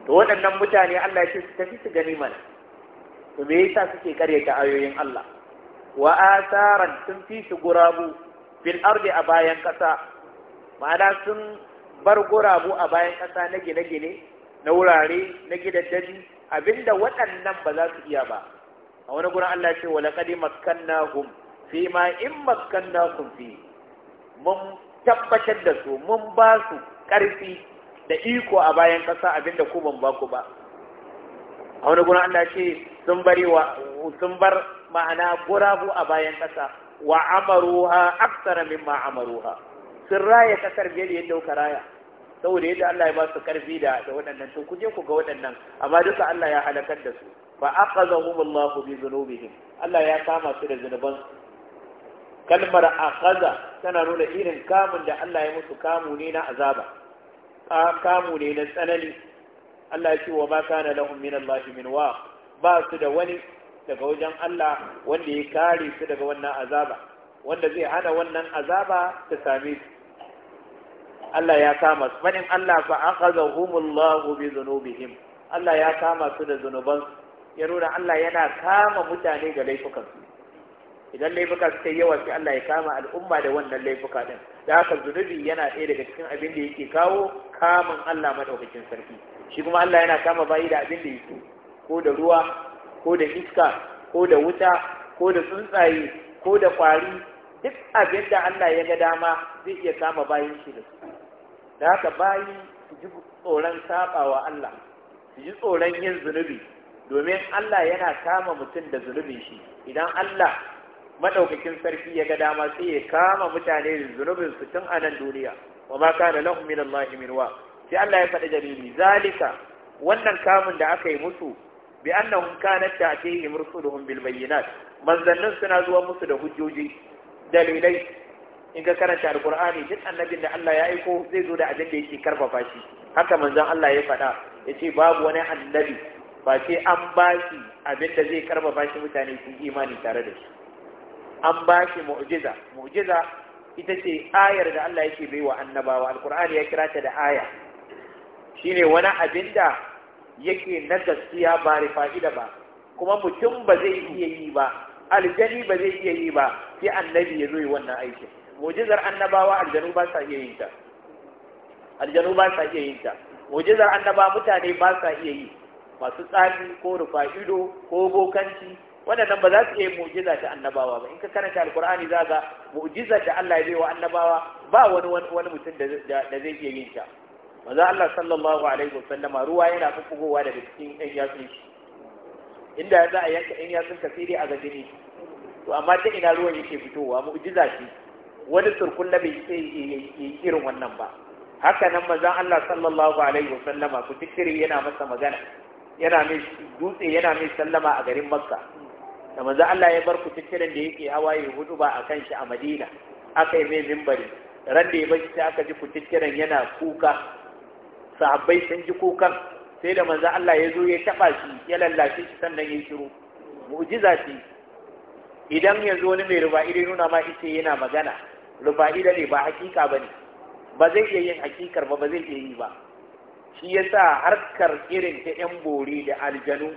Speaker 1: to waɗannan mutane Allah ce su tafi su gani mana to me yasa suke karyata ayoyin Allah wa asaran sun fi shi gurabu fil ardi a bayan ƙasa ma'ana sun bar gurabu a bayan ƙasa na gine-gine na wurare na gidaddaji abinda waɗannan ba za su iya ba a wani gurin Allah ce wa maskanna makkannahum fi ma in makkannakum fi mun tabbatar da su mun ba su ƙarfi da iko a bayan ƙasa abinda ku ban ba ku ba a wani gurin Allah ce sun bari wa sun bar ma'ana gurabu a bayan ƙasa wa amaruha aksara mimma amaruha sun raya ƙasar biyar yadda kuka raya saboda yadda Allah ya ba su ƙarfi da waɗannan to ku je ku ga waɗannan amma duka Allah ya halakar da su fa akhazahum Allah bi dhunubihim Allah ya kama su da zunuban kalmar akhaza tana nuna irin kamun da Allah ya musu kamu ne na azaba kamu ne na tsanani Allah ya ce wa ma kana lahum min Allah min wa ba su da wani daga wajen Allah wanda ya kare su daga wannan azaba wanda zai hana wannan azaba ta su Allah ya kama su manin Allah fa akhazahum Allah bi dhunubihim Allah ya kama su da zunubansu ya nuna Allah yana kama mutane da laifukansu idan laifuka suka yi yawa sai Allah ya kama al'umma da wannan laifuka ɗin, da haka zunubi yana ɗaya daga cikin abin da yake kawo kamun Allah maɗaukacin sarki shi kuma Allah yana kama bayi da abin da yake ko da ruwa ko da iska ko da wuta ko da tsuntsaye ko da kwari duk abin da Allah ya ga dama zai iya kama bayin shi da su da haka bayi su ji tsoron sabawa Allah su ji tsoron yin zunubi domin Allah yana kama mutum da zunubin shi idan Allah madaukakin sarki ya ga dama sai ya kama mutane da zunubin su tun a nan duniya wa ma kana lahum min Allah min sai Allah ya faɗi jarimi zalika wannan kamun da aka yi musu bi annahum kanat ta'tihi mursuluhum bil bayyinat manzannin suna zuwa musu da hujjoji dalilai in ka karanta alqur'ani duk annabin da Allah ya aiko zai zo da abin da yake karfafa shi haka manzon Allah ya faɗa yace babu wani annabi ba sai an ba shi abin da zai karfafa shi mutane su imani tare da shi an ba shi mu'jiza mu'jiza ita ce ayar da Allah yake baiwa annabawa alqur'ani ya kira ta da aya shine wani abin da yake na gaskiya ba fa'ida ba kuma mutum ba zai iya yi ba aljani ba zai iya yi ba sai annabi ya zo yi wannan aikin mu'jizar annabawa aljanu ba sa iya yin ta aljanu ba sa iya yin ta mu'jizar annabawa mutane ba sa iya yi masu tsafi ko rufa ido ko bokanci waɗannan ba za su iya mu'jiza ta annabawa ba in ka karanta alkur'ani za ga mu'jiza da Allah ya wa annabawa ba wani wani mutum da zai iya yin ta Maza Allah sallallahu alaihi wasallama ruwa yana fukugowa daga cikin ɗan yatsun shi inda za a yanka ɗan yatsun ka sai dai a gajini to amma ta ina ruwan yake fitowa mu'jiza ce wani surkun na bai sai yi irin wannan ba haka nan maza Allah sallallahu alaihi wasallama ku tikiri yana masa magana yana mai dutse yana mai sallama a garin makka da manzo Allah ya bar kututturen da yake hawaye hudu ba a kan shi a madina aka yi mai mimbari ran da ya bar shi aka ji kututturen yana kuka sahabbai sun ji kukan sai da manzo Allah ya zo ya taba shi ya lallashe shi sannan ya shiru mu'jiza ce idan yanzu wani mai ruba'i da nuna ma ita yana magana ruba'i da ne ba hakika bane ba zai iya yin hakikar ba ba zai iya yi ba shi ya sa harkar irin ta 'yan bori da aljanu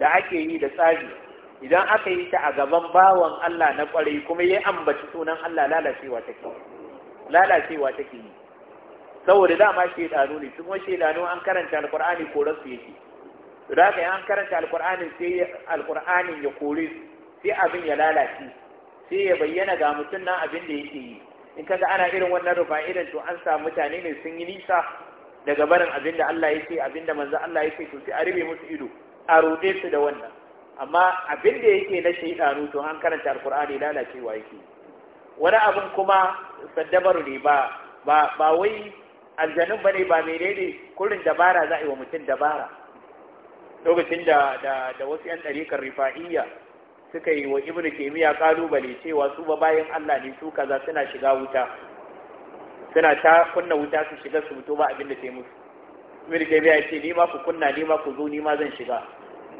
Speaker 1: da ake yi da tsari idan aka yi ta a gaban bawan Allah na kwarai kuma ya ambaci sunan Allah lalacewa take lalacewa yi saboda dama shedanu ne kuma shedanu an karanta alqur'ani ko su yake da da yi an karanta alqur'ani sai alqur'anin ya kore sai abin ya lalace sai ya bayyana ga mutum nan abin da yake yi in kaga ana irin wannan rufa irin to an samu mutane ne sun yi nisa daga barin abin da Allah ya ce abin da manzo Allah yake ce to sai a ribe musu ido a ruɗe su da wannan amma abin da yake na shaytanu to an karanta Kur'ani lalacewa yake wani abin kuma saddabaru ne ba ba ba wai aljanun bane ba menene kurin dabara za a yi wa mutum dabara lokacin da da wasu yan ɗarikar rifa'iyya suka yi wa ibnu taymiya kalubale cewa su ba bayan Allah ne su kaza suna shiga wuta suna ta kunna wuta su shiga su fito ba abin da yi musu ibn taymiya ya ce ni ma ku kunna ni ma ku zo ni ma zan shiga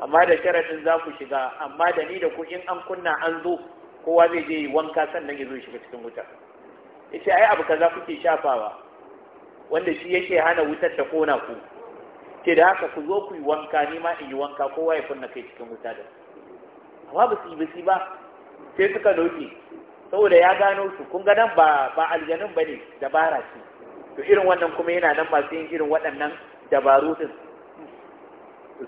Speaker 1: amma da sharadin za ku shiga amma da ni da ku in an kunna an zo kowa zai je wanka sannan ya zo shiga cikin wuta yace ai abu kaza kuke shafawa wanda shi yake hana wutar ta kona ku ce da haka ku zo ku yi wanka ni ma in yi wanka kowa ya kunna kai cikin wuta da amma ba su yi ba sai suka doke saboda ya gano su kun ga nan ba ba ne bane dabara ce to irin wannan kuma yana nan masu yin irin waɗannan dabaru din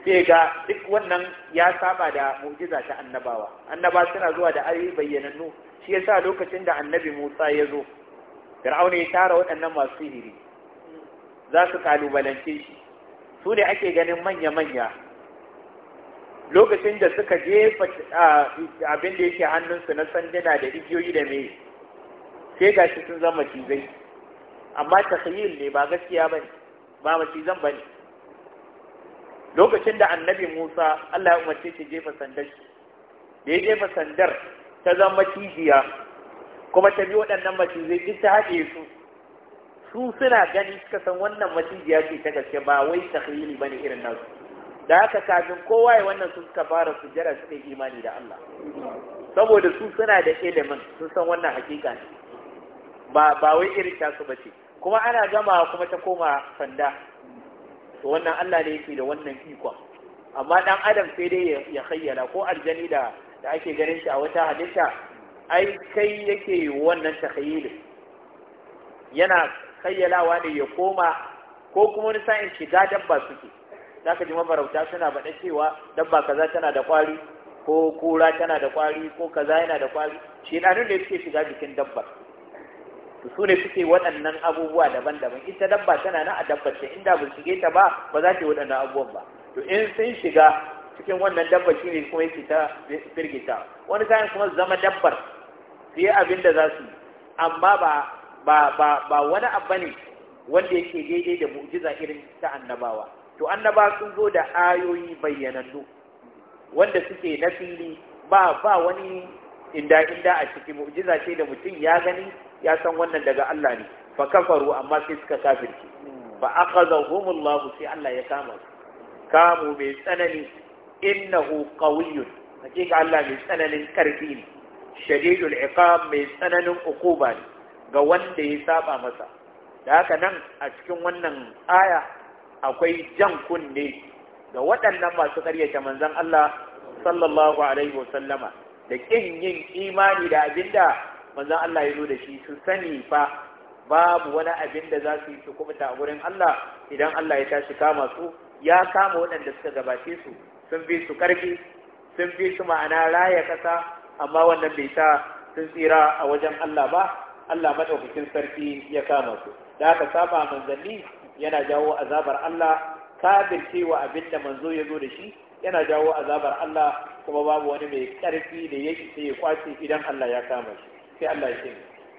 Speaker 1: sai ga duk wannan ya saba da mu'jiza ta annabawa annaba suna zuwa da ayoyi bayyanannu shi yasa lokacin da annabi Musa ya zo Fir'auna ya tara waɗannan masu hiri za su kalubalance shi su ne ake ganin manya-manya lokacin da suka jefa abin da yake hannunsu na sanduna da rigiyoyi da mai sai ga shi sun zama macizai amma takhayil ne ba gaskiya ba ne ba macizan ne lokacin da annabi Musa Allah ya umarce shi jefa sandar da ya jefa sandar ta zama macijiya kuma ta bi waɗannan macizai duk ta haɗe su su suna gani suka san wannan macijiya ce ta gaske ba wai ba ne irin nasu da haka kafin kowa ya wannan sun suka fara sujjada suka yi imani da Allah saboda su suna da ilimin sun san wannan hakika ne ba ba wai irin tasu bace kuma ana gama kuma ta koma sanda to wannan Allah ne yake da wannan ikon amma dan adam sai dai ya khayyala ko aljani da da ake ganin shi a wata halitta ai kai yake wannan takhayyulin yana khayyalawa ne ya koma ko kuma wani sa'in shiga dabba suke za ka ji mafarauta suna baɗa cewa dabba kaza tana da kwari ko kura tana da kwari ko kaza yana da kwari shedanun ne suke shiga jikin dabbar su ne suke waɗannan abubuwa daban-daban ita dabba tana na a dabbar ce inda ba shige ta ba ba za ta yi waɗannan abubuwan ba to in sun shiga cikin wannan dabbar shi ne kuma yake ta firgita wani kayan kuma zama dabbar su abin da za su yi amma ba ba ba wani abu ne wanda yake daidai da mu'jiza irin ta annabawa to annaba sun zo da ayoyi bayyanannu wanda suke na fili ba ba wani inda inda a cikin mu'jiza ce da mutum ya gani ya san wannan daga Allah ne fa kafaru amma sai suka kafirce fa akhadhahumullahu sai Allah ya kama su kamu mai tsanani innahu qawiyyun hakika Allah mai tsananin karfi ne shadidul iqab mai tsananin ukuba ga wanda ya saba masa da haka nan a cikin wannan aya akwai jan kunne ga waɗannan masu ƙaryata manzan Allah sallallahu alaihi wasallama da ƙin yin imani da abin da manzan Allah ya zo da shi su sani fa babu wani abin da za su yi su kubuta a wurin Allah idan Allah ya tashi kama su ya kama waɗanda suka gabace su sun fi su ƙarfi sun fi su ma'ana raya ƙasa amma wannan bai sa sun tsira a wajen Allah ba Allah madaukakin sarki ya kama su da aka saba manzanni yana jawo azabar Allah wa abin da manzo ya zo da shi yana jawo azabar Allah kuma babu wani mai ƙarfi da ya sai ya kwace idan Allah ya kama shi sai Allah ya ce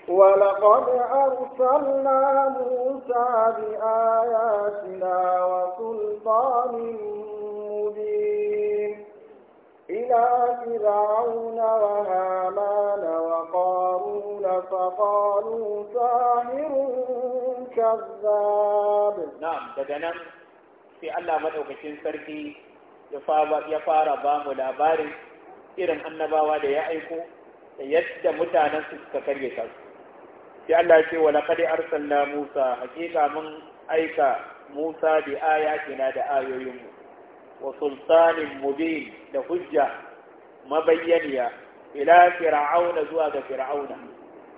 Speaker 2: ولقد أرسلنا موسى بآياتنا وسلطان مبين إلى فرعون وهامان وقارون فقالوا ساحر
Speaker 1: الكذاب نعم دغنا في الله مدوكين sarki ya fara ba mu labarin irin annabawa da ya aiko da yadda mutanen su suka karye ta sai Allah ya ce wa laqad arsalna Musa hakika mun aika Musa bi ayatina da ayoyin mu wa sultanin mubin da hujja mabayyaniya ila fir'auna zuwa ga fir'auna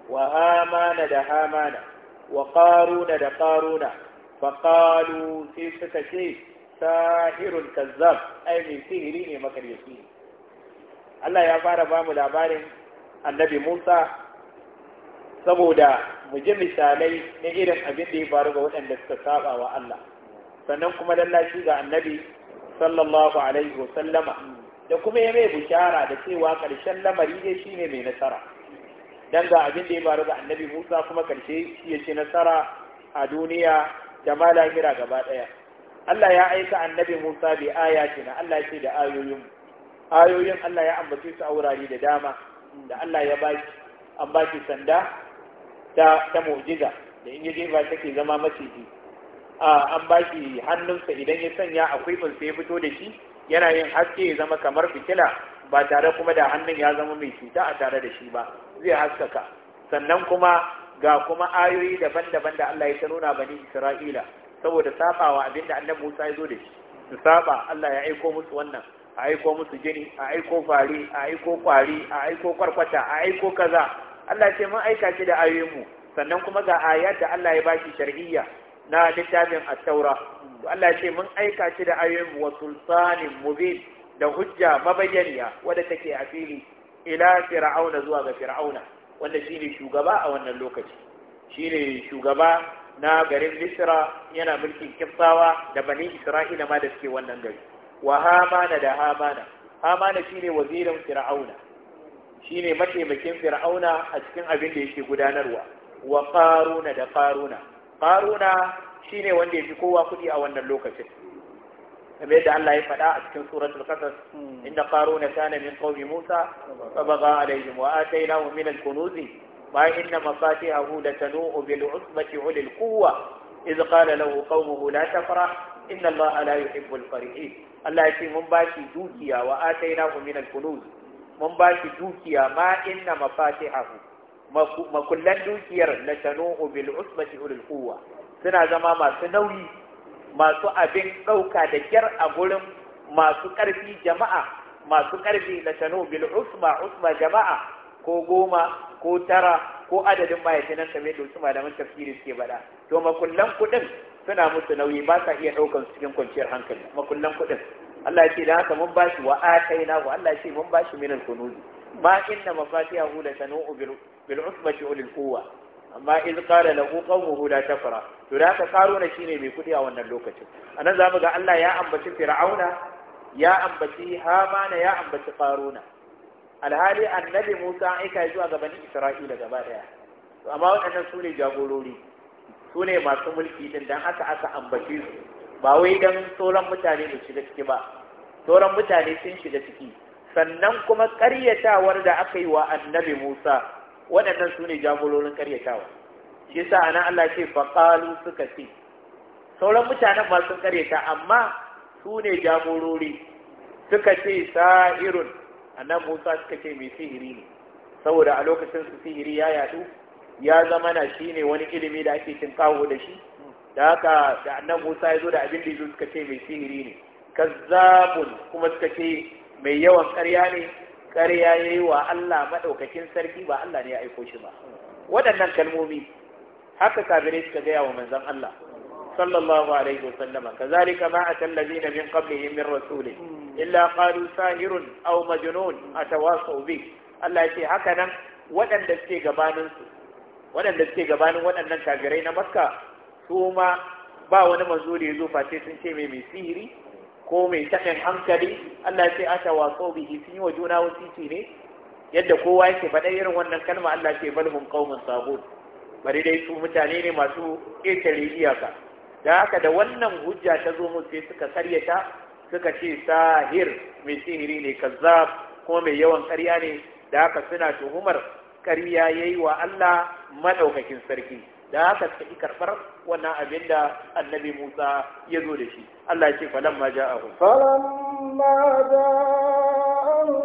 Speaker 1: wa hamana da hamana wa qaruna da qaruna fa qalu sai suka ce sahirun kazzab ai mai sihiri ne makaryaci Allah ya fara ba mu labarin annabi Musa saboda mu ji misalai na irin abin da ya faru ga waɗanda suka saba wa Allah sannan kuma lallashi ga annabi sallallahu alaihi wa sallama da kuma ya mai bishara da cewa ƙarshen lamari ne shine mai nasara dan ga abin da ya faru da annabi Musa kuma karshe shi ya ci nasara a duniya da ma gaba daya Allah ya aika annabi Musa bi ayatina Allah ya ce da ayoyin ayoyin Allah ya ambace su a wurare da dama da Allah ya baki an baki sanda ta ta mu'jiza da in yaje ba take zama maciji a an baki hannunsa idan ya sanya akwai ban sai fito da shi yana yin haske ya zama kamar fitila ba tare kuma da hannun ya zama mai cuta a tare da shi ba zai haskaka sannan kuma ga kuma ayoyi daban-daban da Allah ya ta nuna bani Isra'ila saboda sabawa abinda annabi Musa ya zo da shi su saba Allah ya aiko musu wannan a aiko musu jini a aiko fari a aiko kwari a aiko kwarkwata a aiko kaza Allah ce mun aika shi da ayoyinmu sannan kuma ga ayat da Allah ya bashi shar'iyya na littafin at-taura Allah ce mun aika shi da ayoyinmu wa sultanin mubin da hujja mabayyaniya wadda take a fili ila fir'auna zuwa ga fir'auna wanda shine shugaba a wannan lokaci shine shugaba na garin Misra yana mulkin Kiftawa da Bani Isra'ila ma da suke wannan gari wa Hamana da Hamana Hamana shine wazirin fir'auna shine mataimakin fir'auna a cikin abin da yake gudanarwa wa Qaruna da Faruna Qaruna shine wanda ya fi kowa kudi a wannan lokacin kamar yadda Allah ya faɗa a cikin suratul qasas hmm. inda qaruna kana min qaumi musa fa baga alaihim wa atainahu min al-kunuz ma inna mafatihahu latanu bil usbati ulil quwwa إذ قال له Allah ya ce mun الله لا يحب الفرحين الله يقول من باشي Mun وآتيناه من الكنوز من باشي دوكيا ما إن مفاتحه ما كل دوكيا لتنوء بالعصبة أولي suna zama masu nauyi. masu abin ɗauka da kyar a gurin masu ƙarfi jama'a masu ƙarfi na shanu bil usma usma jama'a ko goma ko tara ko adadin mahaifinan kamar yadda wasu malaman tafsiri suke bada to makullan kuɗin suna musu nauyi ba sa iya ɗaukan cikin kwanciyar hankali makullan kuɗin Allah ya ce da haka mun bashi wa ataina wa Allah ya ce mun bashi minal kunuzi ma inna hu la tanu'u bil usbati ulil quwwa amma iz qala lahu qawmuhu la tafra to da ka karo na shine mai kudi a wannan lokacin anan zamu ga Allah ya ambaci fir'auna ya ambaci hamana ya ambaci qaruna alhali annabi Musa an aika zuwa gaban Isra'ila gaba daya to amma waɗannan su ne jagorori su masu mulki din dan haka aka ambaci su ba wai dan sauran mutane da shiga ciki ba sauran mutane sun shiga ciki sannan kuma ƙaryatawar da aka yi wa annabi Musa waɗannan su ne jagororin karyatawa shi yasa ana Allah ce faƙalu suka ce sauran mutanen ba sun karyata amma su ne jagorori suka ce sa'irun annan Musa suka ce mai sihiri ne saboda a lokacin su sihiri ya yadu ya zama na shi ne wani ilimi da ake cin kawo da shi da haka da annan Musa ya zo da abin da ya suka ce mai sihiri ne kazzabun kuma suka ce mai yawan karya ne ƙarya ya yi wa Allah maɗaukakin sarki ba Allah ne ya aiko shi ba waɗannan kalmomi haka kafirai suka gaya wa manzan Allah sallallahu alaihi wasallama kazalika ma atal na min qablihim min rasuli illa qalu sahirun aw majnun atawasaw bi Allah ya ce haka nan waɗanda suke gabanin su waɗanda suke gabanin waɗannan kafirai na Makka su ma ba wani manzo da ya zo face sun ce mai mai sihiri ko mai taɓin hankali Allah sai aka waso bihi sun yi wa juna wasiki ne yadda kowa yake faɗa irin wannan kalma Allah ce balhum qaumun sagut bari dai su mutane ne masu ƙetare iyaka da haka da wannan hujja ta zo mu sai suka karyata suka ce sahir mai sihiri ne kazzab kuma mai yawan karya ne da haka suna tuhumar karya yayi wa Allah madaukakin sarki da haka suka ki karɓar wannan abin da annabi Musa ya zo da shi Allah ce falan ma ja'ahu
Speaker 2: falan ma ja'ahu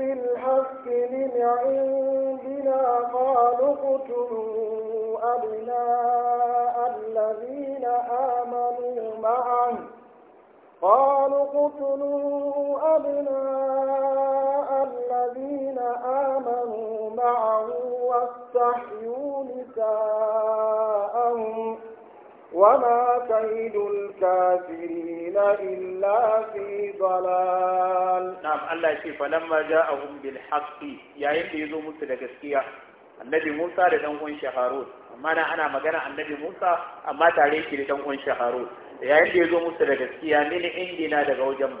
Speaker 2: bil haqqi min indina qalu qutulu abna alladhina amanu ma'an قالوا قتلوا أبناء الذين آمنوا معه واستحيوا متاءهم وما كيد الكافرين
Speaker 1: إلا في ضلال نعم الله يشفي فلما جاءهم بالحق يا يزو موسى دغسكيا annabi Musa da dan uwan Harun amma ana magana annabi Musa amma tare shi da dan uwan da yazo musu da gaskiya min indina daga wajen mu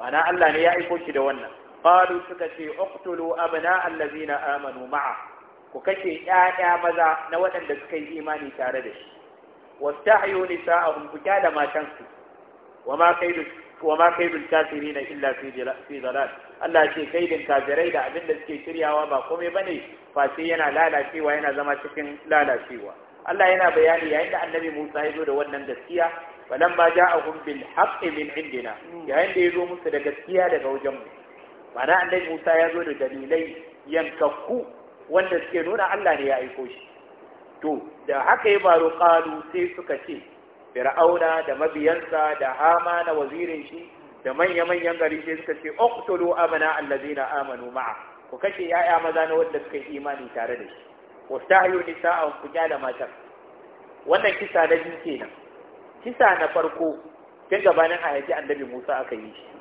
Speaker 1: ma'ana Allah ne ya aiko shi da wannan qalu suka ce uqtulu abna allazina amanu ma'a ku kashe ƴaƴa maza na waɗanda suka yi imani tare da shi Wasu ta ku kyala matansu wa ma kaidu wa ma kaidu kafirina illa fi zalal Allah ce kaidin kafirai da abin da suke shiryawa ba komai bane face yana lalacewa yana zama cikin lalacewa Allah yana bayani yayin da Annabi Musa ya zo da wannan gaskiya ba ja'ahum bil haqqi min indina yayin da ya zo musu da gaskiya daga wajen mu ma'ana Annabi Musa ya zo da dalilai yankakku wanda suke nuna Allah ne ya aiko shi to da haka ya baro qalu sai suka ce fir'auna da mabiyansa da hama na wazirin shi da manya-manyan gari sai suka ce uqtulu abana allazina amanu ma'a ku kashe yaya maza na wanda suka yi imani tare da shi wastahyu nisa'a ku kyala mata wannan kisa na biyu kenan kisa na farko kin gabanin a annabi Musa aka yi shi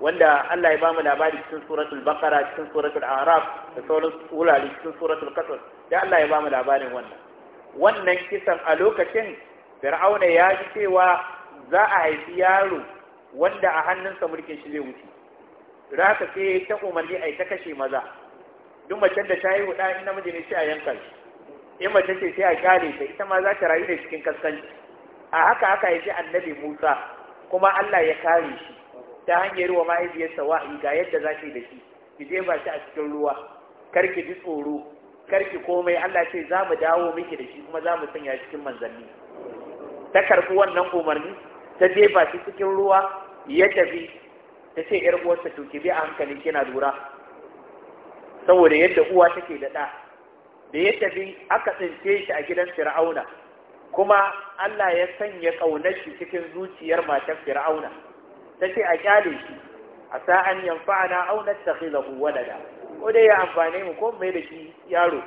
Speaker 1: wanda Allah ya bamu labari cikin suratul baqara cikin suratul araf da sauran wurare cikin suratul qasas da Allah ya bamu labarin wannan wannan kisan a lokacin fir'auna ya ji cewa za a haifi yaro wanda a hannunsa mulkin shi zai wuce raka ce ta umarni a ta kashe maza duk macen da ta yi huɗa in namiji ne sai a yanka shi in mace ce sai a kyale ta ita ma za ta rayu da cikin kaskanci a haka haka yi annabi musa kuma Allah ya kare shi ta hanyar wa mahaifiyarsa sawa'i ga yadda za ki da shi ki ba shi a cikin ruwa kar ki ji tsoro kar ki komai Allah ce za mu dawo miki da shi kuma za mu sanya cikin manzanni ta karɓi wannan umarni ta ba shi cikin ruwa ya tafi ta ce ‘yar uwarsa to ki bi a hankali kina lura saboda yadda uwa take da ɗa da ya tafi aka tsince shi a gidan fir'auna kuma Allah ya sanya ƙaunar shi cikin zuciyar matar fir'auna tace a kyale shi a sa'an yanfa'ana aw nattakhidahu walada ko dai ya amfane mu ko mai da shi yaro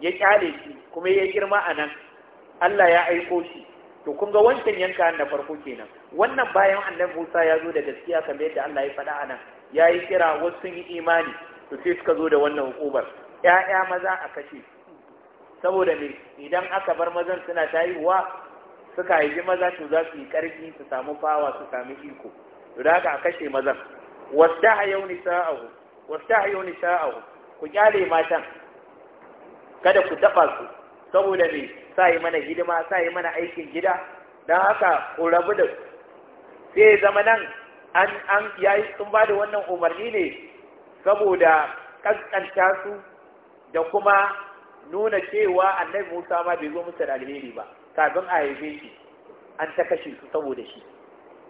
Speaker 1: ya kyale shi kuma ya girma a nan Allah ya aiko shi to kun ga wancan yanka na farko kenan wannan bayan annan Musa ya zo da gaskiya kamar yadda Allah ya faɗa a nan ya yi kira wasu sun yi imani to sai suka zo da wannan hukumar ‘ya'ya maza a kashe saboda me idan aka bar mazan suna haihuwa. suka haifi maza to za su yi ƙarfi su samu fawa su sami iko to da haka a kashe mazan wastahayau nisa'ahu ni sa'ahu ku kyale matan kada ku taɓa su saboda me sa yi mana hidima sa yi mana aikin gida don haka ku rabu da sai zama nan an an yayi sun ba da wannan umarni ne saboda kaskanta su da kuma nuna cewa annabi Musa ma bai zo musu da alheri ba kafin a haife shi an ta kashe su saboda shi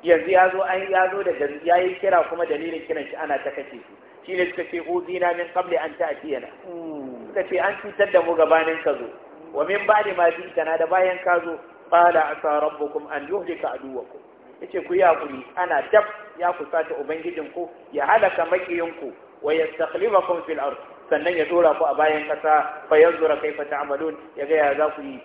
Speaker 1: yanzu ya zo an ya zo da ya yi kira kuma dalilin kiran shi ana ta kashe su shi ne suka ce zina min qabli an ta'tiyana hmm. suka ce an cutar da mu gabanin ka zo wa min ba'di ma kana da bayan ka zo qala asa rabbukum an yuhlika aduwakum yace ku yi hakuri ana dab ya kusata ubangijinku ya halaka makiyinku wa yastakhlifakum fil ardh sannan ya dora ku a bayan kasa fa yanzura kaifa ta'malun ya ga ya za ku yi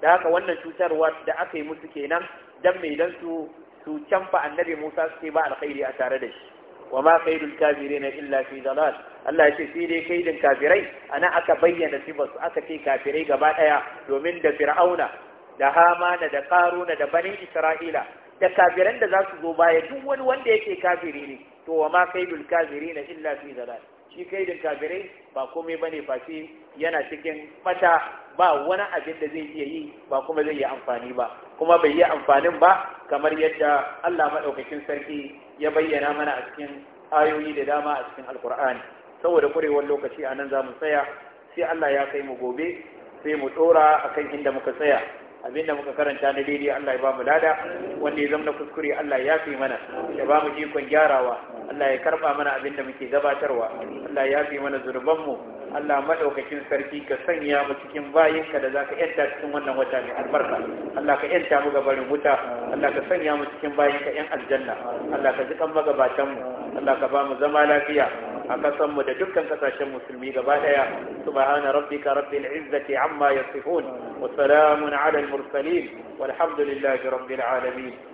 Speaker 1: da haka wannan cutarwa da aka yi musu kenan dan mai dan su su canfa annabi Musa suke ba alkhairi a tare da shi wa ma kaidul kafirina illa fi dalal Allah ya ce sai dai kaidin kafirai ana aka bayyana su aka ce kafirai gaba daya domin da fir'auna da hamana da karuna da banin isra'ila da kafiran da za su zo baya duk wani wanda yake kafiri ne to wa ma kaidul kafirina illa fi dalal shi da kafirai ba komai bane face yana cikin mata ba wani abin da zai iya yi ba kuma zai yi amfani ba kuma bai yi amfanin ba kamar yadda Allah madaukakin sarki ya bayyana mana a cikin ayoyi da dama a cikin alkur'ani saboda kurewar lokaci a nan za mu tsaya sai Allah ya kai mu gobe sai mu dora akan inda muka tsaya abinda muka karanta na daidai Allah ya ba mu lada wanda ya zama kuskure Allah ya fi mana ya ba mu jikon gyarawa Allah ya karba mana abinda muke gabatarwa Allah ya fi mana zurbanmu Allah madaukakin sarki ka sanya mu cikin bayinka da zaka yanta cikin wannan wata mai albarka Allah ka yanta mu ga barin wuta Allah ka sanya mu cikin bayinka yan aljanna Allah ka jikan magabatan mu Allah ka ba mu zama lafiya a kasan mu da dukkan kasashen musulmi gaba daya subhana rabbika rabbil izzati amma yasifun wa salamun ala al mursalin walhamdulillahi rabbil alamin